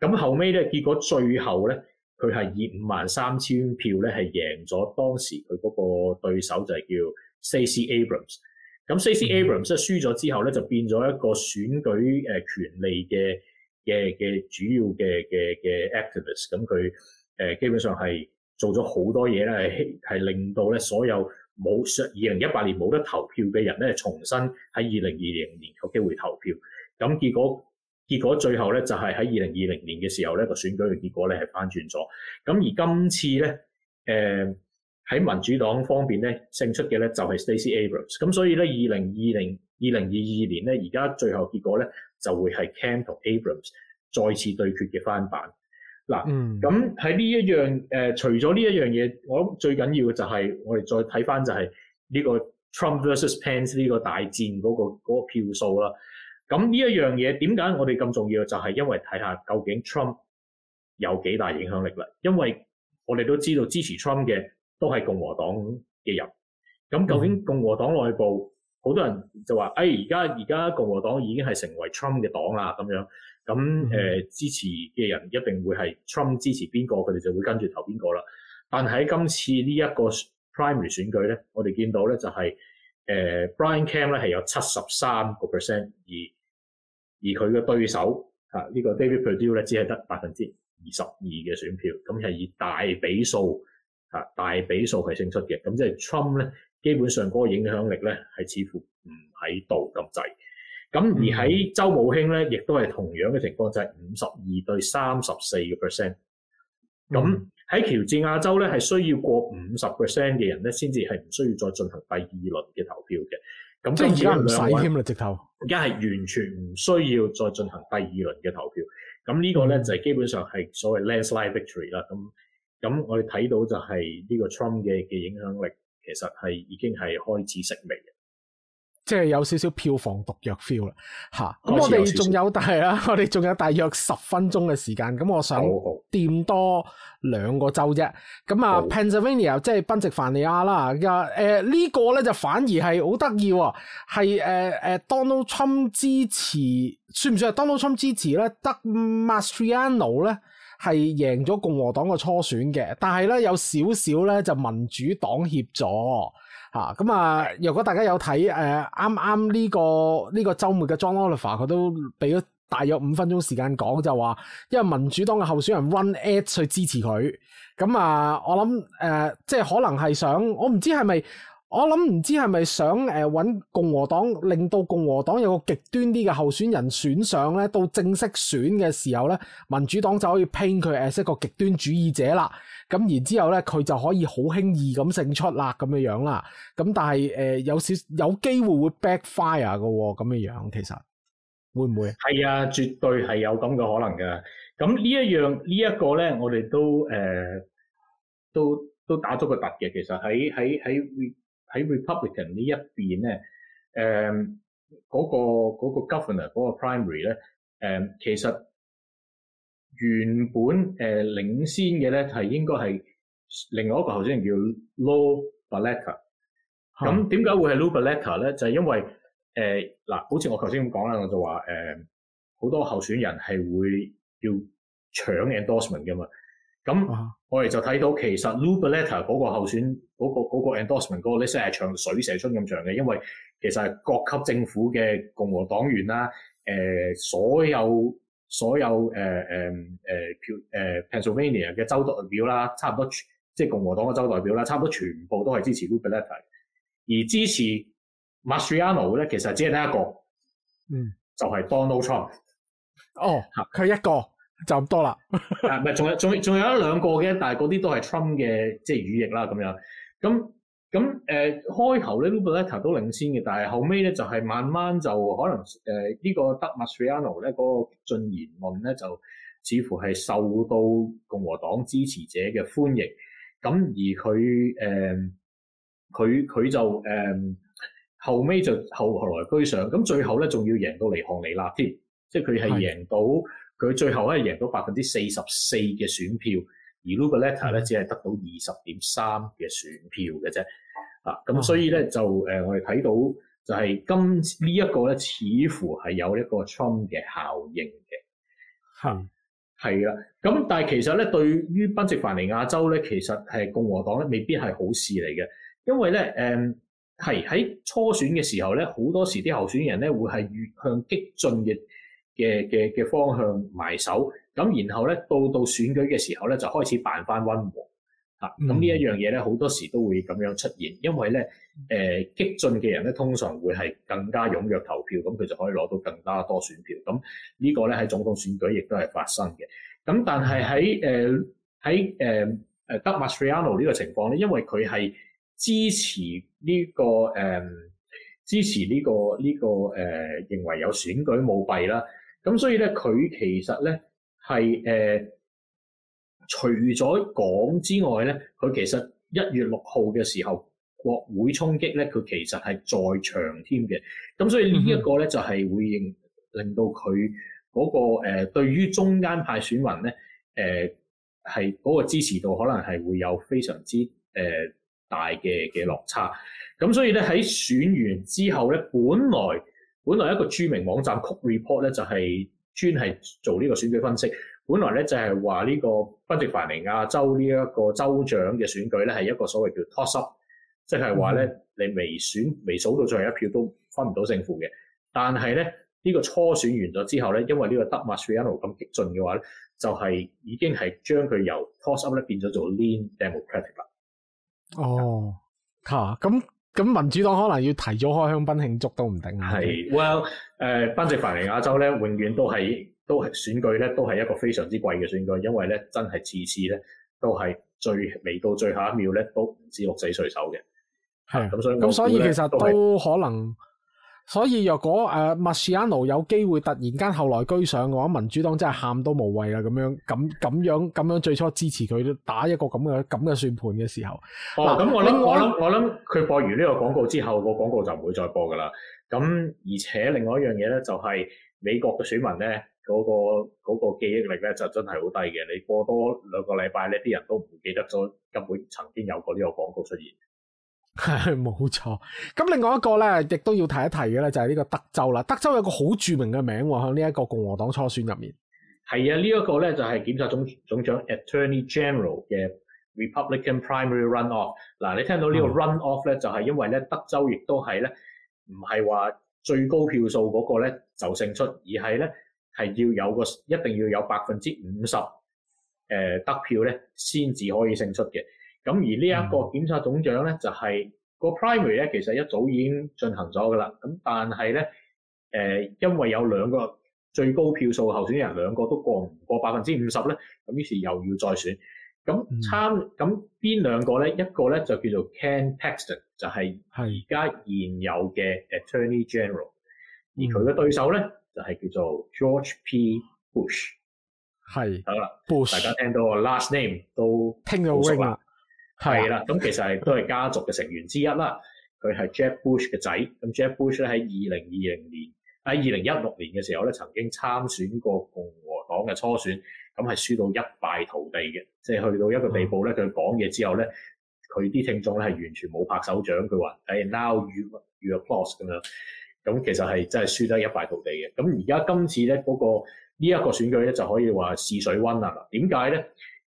咁、呃、後尾咧結果最後咧，佢係以五萬三千票咧係贏咗當時佢嗰個對手就係叫 Stacey Abrams、嗯。咁 Stacey Abrams 即係輸咗之後咧，就變咗一個選舉誒權利嘅嘅嘅主要嘅嘅嘅 activist。咁佢誒基本上係做咗好多嘢咧，係係令到咧所有。冇上二零一八年冇得投票嘅人咧，重新喺二零二零年有機會投票。咁結果結果最後咧，就係喺二零二零年嘅時候咧，個選舉嘅結果咧，係翻轉咗。咁而今次咧，誒、呃、喺民主黨方面咧，勝出嘅咧就係 Stacey Abrams。咁所以咧二零二零二零二二年咧，而家最後結果咧，就會係 Kemp 同 Abrams 再次對決嘅翻版。嗱，咁喺呢一樣誒、呃，除咗呢一樣嘢，我諗最緊要嘅就係我哋再睇翻就係呢個 Trump versus Pence 呢個大戰嗰個嗰個票數啦。咁呢一樣嘢點解我哋咁重要？就係因為睇下究竟 Trump 有幾大影響力啦。因為我哋都知道支持 Trump 嘅都係共和黨嘅人，咁究竟共和黨內部？好多人就話，誒而家而家共和黨已經係成為 Trump 嘅黨啦，咁樣，咁誒、呃、支持嘅人一定會係 Trump 支持邊個，佢哋就會跟住投邊個啦。但喺今次呢一個 primary 選舉咧，我哋見到咧就係、是、誒、呃、Brian Kemp 咧係有七十三個 percent，而而佢嘅對手嚇呢、啊這個 David Perdue 咧只係得百分之二十二嘅選票，咁、啊、係以大比數嚇、啊、大比數係勝出嘅，咁即係 Trump 咧。基本上嗰個影響力咧係似乎唔喺度咁滯，咁而喺州務卿咧，亦都係同樣嘅情況，就係五十二對三十四個 percent。咁喺喬治亞州咧，係需要過五十 percent 嘅人咧，先至係唔需要再進行第二輪嘅投票嘅。咁即係而家唔使添啦，直頭而家係完全唔需要再進行第二輪嘅投票。咁呢個咧就係、是、基本上係所謂 landslide victory 啦。咁咁我哋睇到就係呢個 Trump 嘅嘅影響力。其實係已經係開始成名嘅，即係有少少票房毒藥 feel 啦。吓，咁我哋仲有大啊，我哋仲有大約十分鐘嘅時間。咁我想掂多兩個州啫。咁啊，Pennsylvania 即係賓夕凡尼亞啦。啊、呃，誒、這個、呢個咧就反而係好得意，係誒誒 Donald Trump 支持，算唔算係 Donald Trump 支持咧？Deb Mastriano 咧？係贏咗共和黨嘅初選嘅，但係咧有少少咧就民主黨協助吓，咁啊，如果大家有睇誒，啱啱呢個呢、呢個周末嘅 John Oliver 佢都俾咗大約五分鐘時間講就話，因為民主黨嘅候選人 run ads 去支持佢，咁啊，我諗誒、呃，即係可能係想，我唔知係咪。我諗唔知係咪想誒揾、呃、共和黨，令到共和黨有個極端啲嘅候選人選上咧，到正式選嘅時候咧，民主黨就可以拼佢誒，即係個極端主義者啦。咁然之後咧，佢就可以好輕易咁勝出啦，咁樣樣啦。咁但係誒、呃、有少有機會會 backfire 嘅，哦，咁樣樣其實會唔會？係啊，絕對係有咁嘅可能噶。咁、這個、呢一樣呢一個咧，我哋都誒、呃、都都打咗個突嘅。其實喺喺喺。喺 Republican 呢一邊咧，誒、呃、嗰、那個 Governor 嗰、那個，嗰個 Primary 咧、呃，誒其實原本誒、呃、領先嘅咧係應該係另外一個候選人叫 Lou Barletta。咁點解會係 Lou Barletta 咧？就係、是、因為誒嗱、呃，好似我頭先咁講啦，我就話誒好多候選人係會要搶 endorsement 噶嘛。咁、 嗯、 我哋就睇到，其實 Lou Barletta l 嗰個候選嗰個嗰個 endorsement 嗰個 list 係長水蛇春咁長嘅，因為其實係各級政府嘅共和黨員啦，誒所有所有誒誒誒票 Pennsylvania 嘅州代表啦，差唔多即係、就係、共和黨嘅州代表啦，差唔多全部都係支持 Lou Barletta，l 而支持 Mastriano 咧，其實只係得一個，嗯，就係 Donald Trump，哦，佢一個。嗯就咁多、 啊、啦，唔係仲有仲仲有一兩個嘅，但係嗰啲都係 Trump 嘅即係餘孽啦咁樣。咁咁誒開頭呢，Barletta 都領先嘅，但係後尾咧就係、是、慢慢就可能誒、呃這個、呢個 Mastriano 咧嗰個激進言論咧就似乎係受到共和黨支持者嘅歡迎。咁而佢誒佢佢就誒後尾就後後來居上，咁最後咧仲要贏到離行離迾添，的即係佢係贏到。佢最後咧贏到百分之四十四嘅選票，而 Lou Barletta 咧只係得到二十點三嘅選票嘅啫。啊、嗯，咁所以咧就誒、呃，我哋睇到就係今呢一個咧，似乎係有一個 Trump 嘅效應嘅。係係啦，咁但係其實咧，對於賓夕凡尼亞州咧，其實係共和黨咧，未必係好事嚟嘅，因為咧誒係喺初選嘅時候咧，好多時啲候，候選人咧會係越向激進嘅。嘅嘅嘅方向埋手咁，然後咧到到選舉嘅時候咧，就開始扮翻溫和嚇。咁、啊嗯、呢一樣嘢咧，好多時都會咁樣出現，因為咧誒、呃、激進嘅人咧，通常會係更加踴躍投票，咁、嗯、佢就可以攞到更加多選票。咁、嗯這個、呢個咧喺總統選舉亦都係發生嘅。咁、嗯、但係喺誒喺誒誒德馬斯里亞諾呢個情況咧，因為佢係支持呢、這個誒、呃、支持呢、這個呢、這個誒、呃、認為有選舉舞弊啦。咁所以咧，佢其實咧係誒，除咗講之外咧，佢其實一月六號嘅時候國會衝擊咧，佢其實係在場添嘅。咁所以呢一個咧就係會令令到佢嗰個誒，對於中間派選民咧誒，係、呃、嗰、呃嗰個支持度可能係會有非常之誒、呃、大嘅嘅落差。咁所以咧喺選完之後咧，本來本來一個著名網站 Cook Report 咧就係專係做呢個選舉分析。本來咧就係話呢個賓夕凡尼亞州呢一個州長嘅選舉咧係一個所謂叫 Toss Up，即係話咧你未選未數、嗯、到最後一票都分唔到勝負嘅。但係咧呢、這個初選完咗之後咧，因為呢個 Doug Mastriano 咁激進嘅話咧，就係、是、已經係將佢由 Toss Up 咧變咗做 Lean Democratic 啦。Dem 哦，嚇，咁。咁民主黨可能要提早開香檳慶祝都唔定啊！係，Well，誒、呃，賓夕凡尼亞州咧，永遠都係都係選舉咧，都係一個非常之貴嘅選舉，因為咧真係次次咧都係最未到最後一秒咧都唔知鹿死誰手嘅。係的，咁所以咁所以其實都，都是可能。所以若果誒，麥士亞奴有機會突然間後來居上嘅話，民主黨真係喊都無謂啦，咁樣咁咁樣咁樣最初支持佢打一個咁嘅咁嘅算盤嘅時候。哦，咁喏樣我諗我諗我諗佢播完呢個廣告之後，個廣告就唔會再播噶啦。咁而且另外一樣嘢咧，就係美國嘅選民咧，嗰個嗰個記憶力咧，就真係好低嘅。你過多兩個禮拜呢，啲人都唔記得咗根本曾經有過呢個廣告出現。係冇錯，咁另外一個咧，亦都要提一提嘅咧，就係呢個德州啦。德州有個好著名嘅名喺呢一個共和黨初選入面。係啊，呢、這、一個咧就係檢察總總長 Attorney General 嘅 Republican Primary Runoff。嗱、啊，你聽到個 run off 呢個 Runoff 咧，嗯、就係因為咧德州亦都係咧，唔係話最高票數嗰個咧就勝出，而係咧係要有個一定要有百分之五十誒得票咧，先至可以勝出嘅。咁而呢一個檢察總長咧，就係、是、個 primary 咧，其實一早已經進行咗噶啦。咁但係咧，誒、呃，因為有兩個最高票數候選人兩個都過唔過百分之五十咧，咁於是又要再選。咁參咁、嗯、邊兩個咧？一個咧就叫做 Ken t e x t o n 就係而家現有嘅 Attorney General，的而佢嘅對手咧就係、是、叫做 George P. Bush。係，好啦，大家聽到個 last name 都聽到 w i 啦。係啦，咁其實係都係家族嘅成員之一啦。佢係 Jeb Bush 嘅仔，咁 Jeb Bush 咧喺二零二零年，喺二零一六年嘅時候咧，曾經參選過共和黨嘅初選，咁係輸到一敗塗地嘅，即係去到一個地步咧，佢講嘢之後咧，佢啲聽眾咧係完全冇拍手掌，佢話係 Now you you a boss 咁樣，咁其實係真係輸得一敗塗地嘅。咁而家今次咧，嗰個呢一個選舉咧就可以話試水溫啦。嗱，點解咧？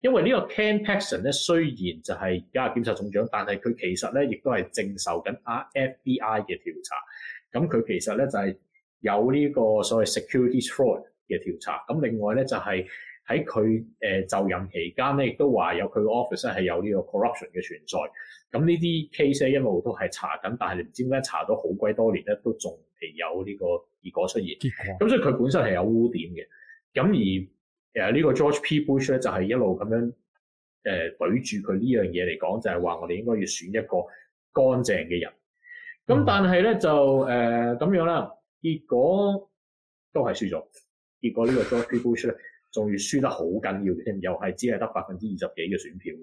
因為呢個 Ken Paxton 咧，雖然就係而家檢察總長，但係佢其實咧亦都係正受緊 R FBI 嘅調查。咁、嗯、佢其實咧就係、是、有呢個所謂 security fraud 嘅調查。咁、嗯、另外咧就係喺佢誒就任期間咧，亦都話有佢嘅 office 係有呢個 corruption 嘅存在。咁、嗯、呢啲 case 咧，一路都係查緊，但係你唔知點解查咗好鬼多年咧，都仲未有呢個結果出現。咁果所以佢本身係有污點嘅。咁、嗯、而誒呢個 George P. Bush 咧就係一路咁樣誒舉、呃、住佢呢樣嘢嚟講，就係、是、話我哋應該要選一個乾淨嘅人。咁但係咧就誒咁、呃、樣啦，結果都係輸咗。結果呢個 George P. Bush 咧仲要輸得好緊要嘅，又係只係得百分之二十幾嘅選票。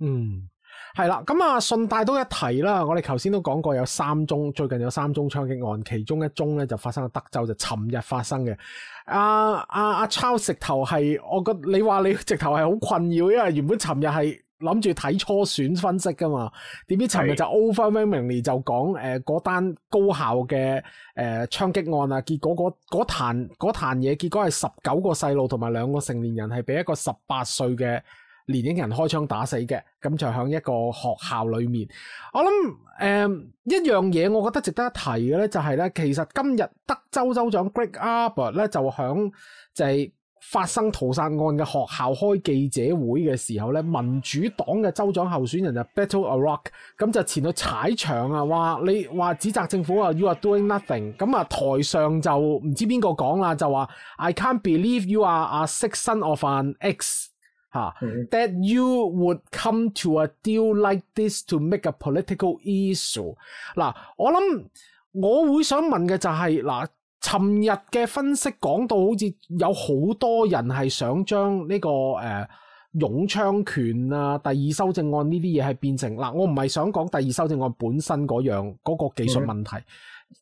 嗯。係啦，咁啊，順帶都一提啦。我哋頭先都講過有三宗，最近有三宗槍擊案，其中一宗咧就發生喺德州，就尋日發生嘅。阿阿阿超直頭係，我覺得你話你直頭係好困擾，因為原本尋日係諗住睇初選分析噶嘛，點知尋日就 overwhelmingly 就講誒嗰單高校嘅誒槍擊案啊，結果嗰嗰壇壇嘢，結果係十九個細路同埋兩個成年人係俾一個十八歲嘅年輕人開槍打死嘅，咁就喺一個學校裏面。我諗誒、嗯、一樣嘢，我覺得值得一提嘅呢，就係、是、呢。其實今日德州州長 Greg Abbott 呢，就喺就係發生屠殺案嘅學校開記者會嘅時候呢，民主黨嘅州長候選人就 Beto O'Rourke，咁就前去踩場啊，話你話指責政府啊，you are doing nothing，咁啊台上就唔知邊個講啦，就話 I can't believe you are a sixth son of an x 嚇！That you would come to a deal like this to make a political issue？嗱、嗯，我諗我會想問嘅就係、是、嗱，尋、嗯、日嘅分析講到好似有好多人係想將呢、這個誒擁槍權啊、第二修正案呢啲嘢係變成嗱、嗯，我唔係想講第二修正案本身嗰樣嗰、那個技術問題，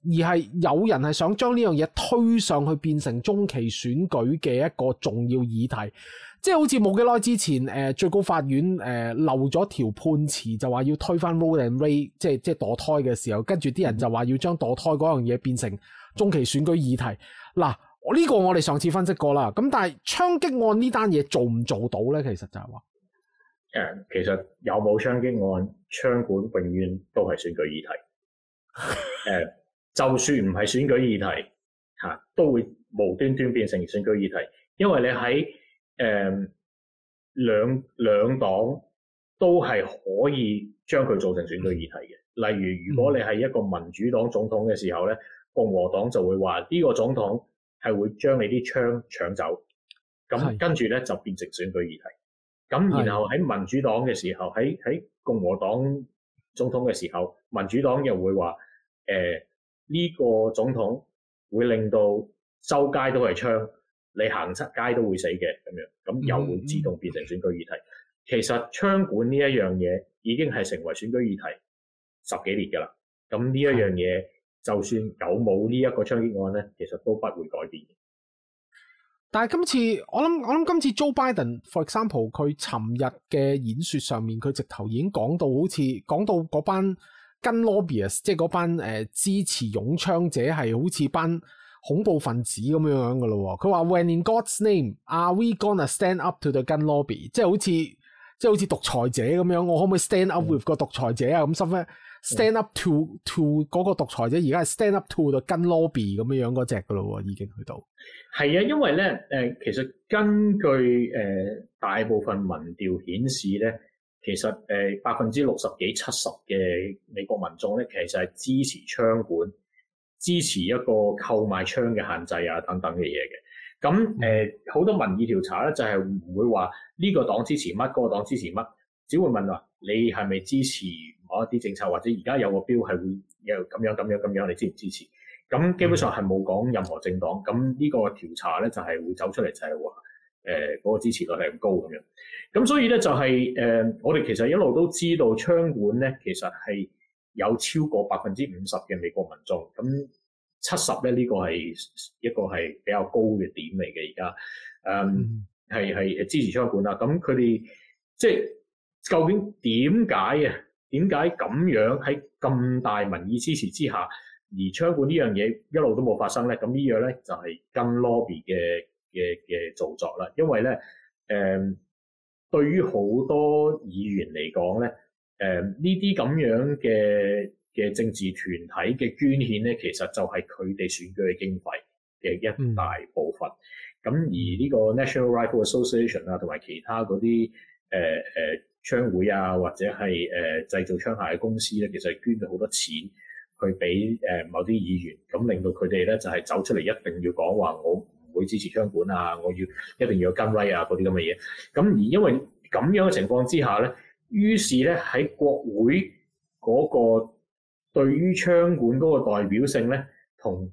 嗯、而係有人係想將呢樣嘢推上去變成中期選舉嘅一個重要議題。即係好似冇幾耐之前，誒、呃、最高法院誒漏咗條判詞，就話要推翻 Roe and Wade，即係即係墮胎嘅時候，跟住啲人就話要將墮胎嗰樣嘢變成中期選舉議題嗱。呢、呢個我哋上次分析過啦。咁但係槍擊案呢單嘢做唔做到咧？其實就係話誒，其實有冇槍擊案槍管永遠都係選舉議題。誒， uh, 就算唔係選舉議題嚇，都會無端端變成選舉議題，因為你喺。誒，um, 兩兩黨都係可以將佢做成選舉議題嘅。例如，如果你係一個民主黨總統嘅時候咧，嗯、共和黨就會話呢、呢個總統係會將你啲槍搶走，咁是跟住咧就變成選舉議題。咁然後喺民主黨嘅時候，喺喺是共和黨總統嘅時候，民主黨又會話，誒呢個總統會令到周街都係槍。你行出街都會死嘅，咁樣，咁又會自動變成選舉議題。嗯、其實槍管呢一樣嘢已經係成為選舉議題十幾年噶啦。咁呢一樣嘢就算有冇呢一個槍擊案咧，其實都不會改變。但係今次我諗，我諗今次 Joe Biden、for example 佢尋日嘅演說上面，佢直頭已經講到好似講到嗰班 gun lobbyist 即係嗰班誒、呃、支持擁槍者係好似班恐怖分子咁樣樣嘅咯，佢話 When in God's name are we gonna stand up to the gun lobby？即係好似即係好似獨裁者咁樣，我可唔可以 stand up with 個獨裁者啊？咁、嗯、so stand up to to 嗰個獨裁者？而家係 stand up to the gun lobby 咁樣樣嗰隻嘅咯喎，已經去到係啊，因為咧誒，其實根據誒、呃、大部分民調顯示咧，其實誒百分之六十幾七十嘅美國民眾咧，其實係支持槍管。支持一個購買槍嘅限制啊，等等嘅嘢嘅。咁誒，好多民意調查咧就係唔會話呢個黨支持乜，嗰個黨支持乜，只會問話你係咪支持某一啲政策，或者而家有個標係會又咁樣咁樣咁樣，你支唔支持？咁基本上係冇講任何政黨。咁、嗯、呢個調查咧就係會走出嚟就係話，誒嗰個支持率係咁高咁樣。咁所以咧就係誒，我哋其實一路都知道槍管咧其實係。有超過百分之五十嘅美國民眾，咁七十咧呢、呢個係一個係比較高嘅點嚟嘅而家，誒係係支持槍管啦。咁佢哋即係究竟點解啊？點解咁樣喺咁大民意支持之下，而槍管呢樣嘢一路都冇發生咧？咁呢樣咧就係、是、跟 lobby 嘅嘅嘅造作啦。因為咧誒、嗯，對於好多議員嚟講咧。誒，呢啲咁樣嘅、嘅政治團體嘅捐獻咧，其實就係佢哋選舉嘅經費嘅一大部分。咁而呢個 National Rifle Association 啊，同埋其他嗰啲誒誒槍會啊，或者係誒製造槍械嘅公司咧，其實係捐咗好多錢去俾誒某啲議員，咁令到佢哋咧就係、是、走出嚟一定要講話，我唔會支持槍管啊，我要一定要金威啊，嗰啲咁嘅嘢。咁而因為咁樣嘅情況之下咧。於是咧，喺國會嗰個對於槍管嗰個代表性咧，同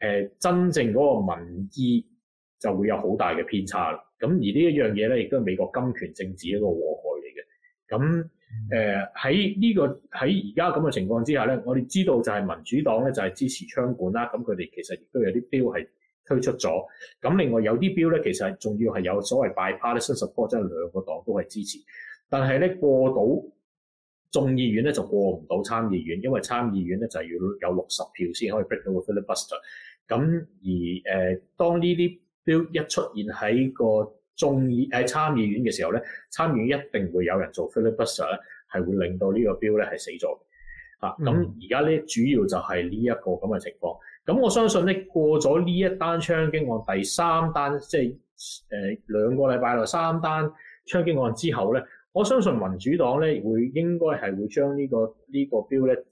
誒真正嗰個民意就會有好大嘅偏差啦。咁而呢一樣嘢咧，亦都係美國金權政治一個禍害嚟嘅。咁誒喺呢個喺而家咁嘅情況之下咧，我哋知道就係民主黨咧就係支持槍管啦。咁佢哋其實亦都有啲標係推出咗。咁另外有啲標咧，其實仲要係有所謂 bipartisan support，即係兩個黨都係支持。但係咧過到眾議院咧就過唔到參議院，因為參議院咧就係要有六十票先可以 break 到個 filibuster，嗯。咁而誒、呃，當呢啲 bill 一出現喺個眾議誒參議院嘅時候咧，參議院一定會有人做 filibuster 咧，係會令到個，啊嗯嗯，呢個 bill 咧係死咗。吓，咁而家咧主要就係呢一個咁嘅情況。咁、嗯、我相信咧過咗呢一單槍擊案，第三單即係誒兩個禮拜內三單槍擊案之後咧。我相信民主黨咧會應該係會將呢、這個呢、這個標咧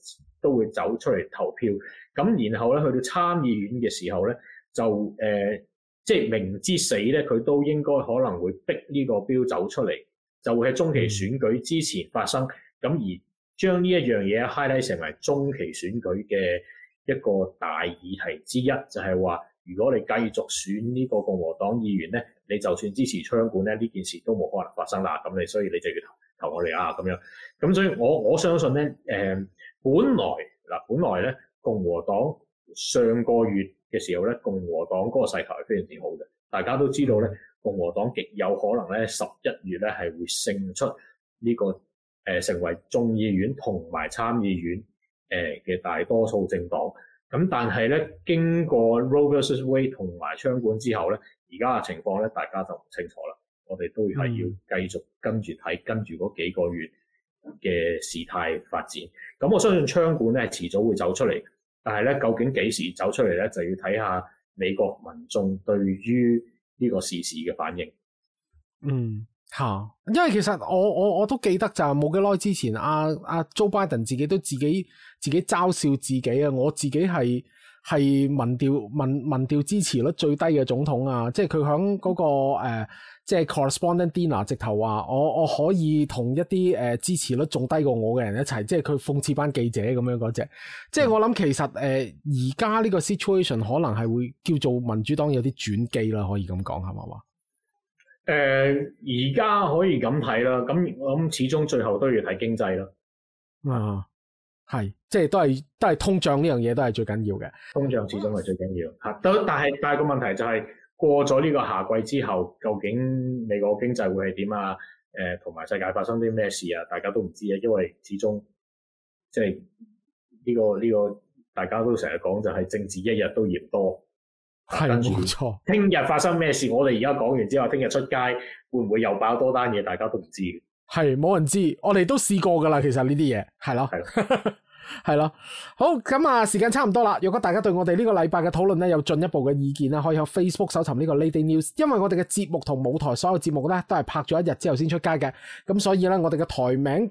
都會走出嚟投票，咁然後咧去到參議院嘅時候咧就誒、呃、即係明知死咧佢都應該可能會逼呢個標走出嚟，就會喺中期選舉之前發生，咁而將呢一樣嘢 highlight 成為中期選舉嘅一個大議題之一，就係、是、話。如果你繼續選呢個共和黨議員咧，你就算支持槍管咧，呢件事都冇可能發生啦。咁你所以你就要投，投我哋啊咁樣。咁所以我我相信咧，誒、呃，本來嗱、呃，本來咧共和黨上個月嘅時候咧，共和黨嗰個勢頭係非常之好嘅。大家都知道咧，共和黨極有可能咧十一月咧係會勝出呢、這個誒、呃、成為眾議院同埋參議院誒嘅、呃、大多數政黨。咁但係咧，經過 Robert Sway 同埋槍管之後咧，而家嘅情況咧，大家就唔清楚啦。我哋都係要繼續跟住睇，跟住嗰幾個月嘅事態發展。咁我相信槍管咧遲早會走出嚟，但係咧究竟幾時走出嚟咧，就要睇下美國民眾對於呢個時事嘅反應。嗯。吓，因為其實我我我都記得就係冇幾耐之前，阿、啊、阿、啊、Joe Biden 自己都自己自己嘲笑自己啊！我自己係係民調民民調支持率最低嘅總統啊！即係佢響嗰個誒、呃，即係 Correspondent Dinner 直頭話我我可以同一啲誒、呃、支持率仲低過我嘅人一齊，即係佢諷刺班記者咁樣嗰隻。即係我諗其實誒，而家呢個 situation 可能係會叫做民主黨有啲轉機啦，可以咁講係嘛嘛？誒，而家、呃、可以咁睇啦，咁我諗始終最後都要睇經濟啦。啊，係，即係都係都係通脹呢樣嘢，都係最緊要嘅。通脹始終係最緊要吓，都，都但係但係個問題就係、是、過咗呢個夏季之後，究竟美國經濟會係點啊？誒、呃，同埋世界發生啲咩事啊？大家都唔知啊，因為始終即係呢、這個呢、這個大家都成日講就係政治一日都嫌多。係，冇是後錯。聽日發生咩事？我哋而家講完之後，聽日出街會唔會又爆多單嘢？大家都唔知嘅。係，冇人知。我哋都試過噶啦。其實呢啲嘢係咯，係咯的， 好。咁啊，時間差唔多啦。如果大家對我哋呢個禮拜嘅討論咧，有進一步嘅意見啦，可以喺 Facebook 搜尋呢個 Lady News。因為我哋嘅節目同舞台所有節目咧，都係拍咗一日之後先出街嘅。咁所以咧，我哋嘅台名。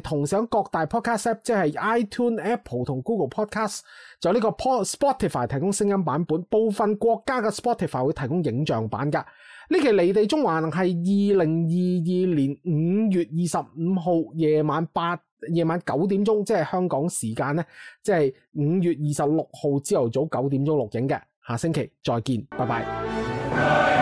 同上各大 podcast app，即係 iTune、Apple 同 Google Podcast，就呢個 pod Spotify 提供聲音版本。部分國家嘅 Spotify 會提供影像版噶。呢期離地縱橫係二零二二年五月二十五號夜晚八夜晚九點鐘，即係香港時間咧，即係五月二十六號朝頭早九點鐘錄影嘅。下星期再見，拜拜。拜拜。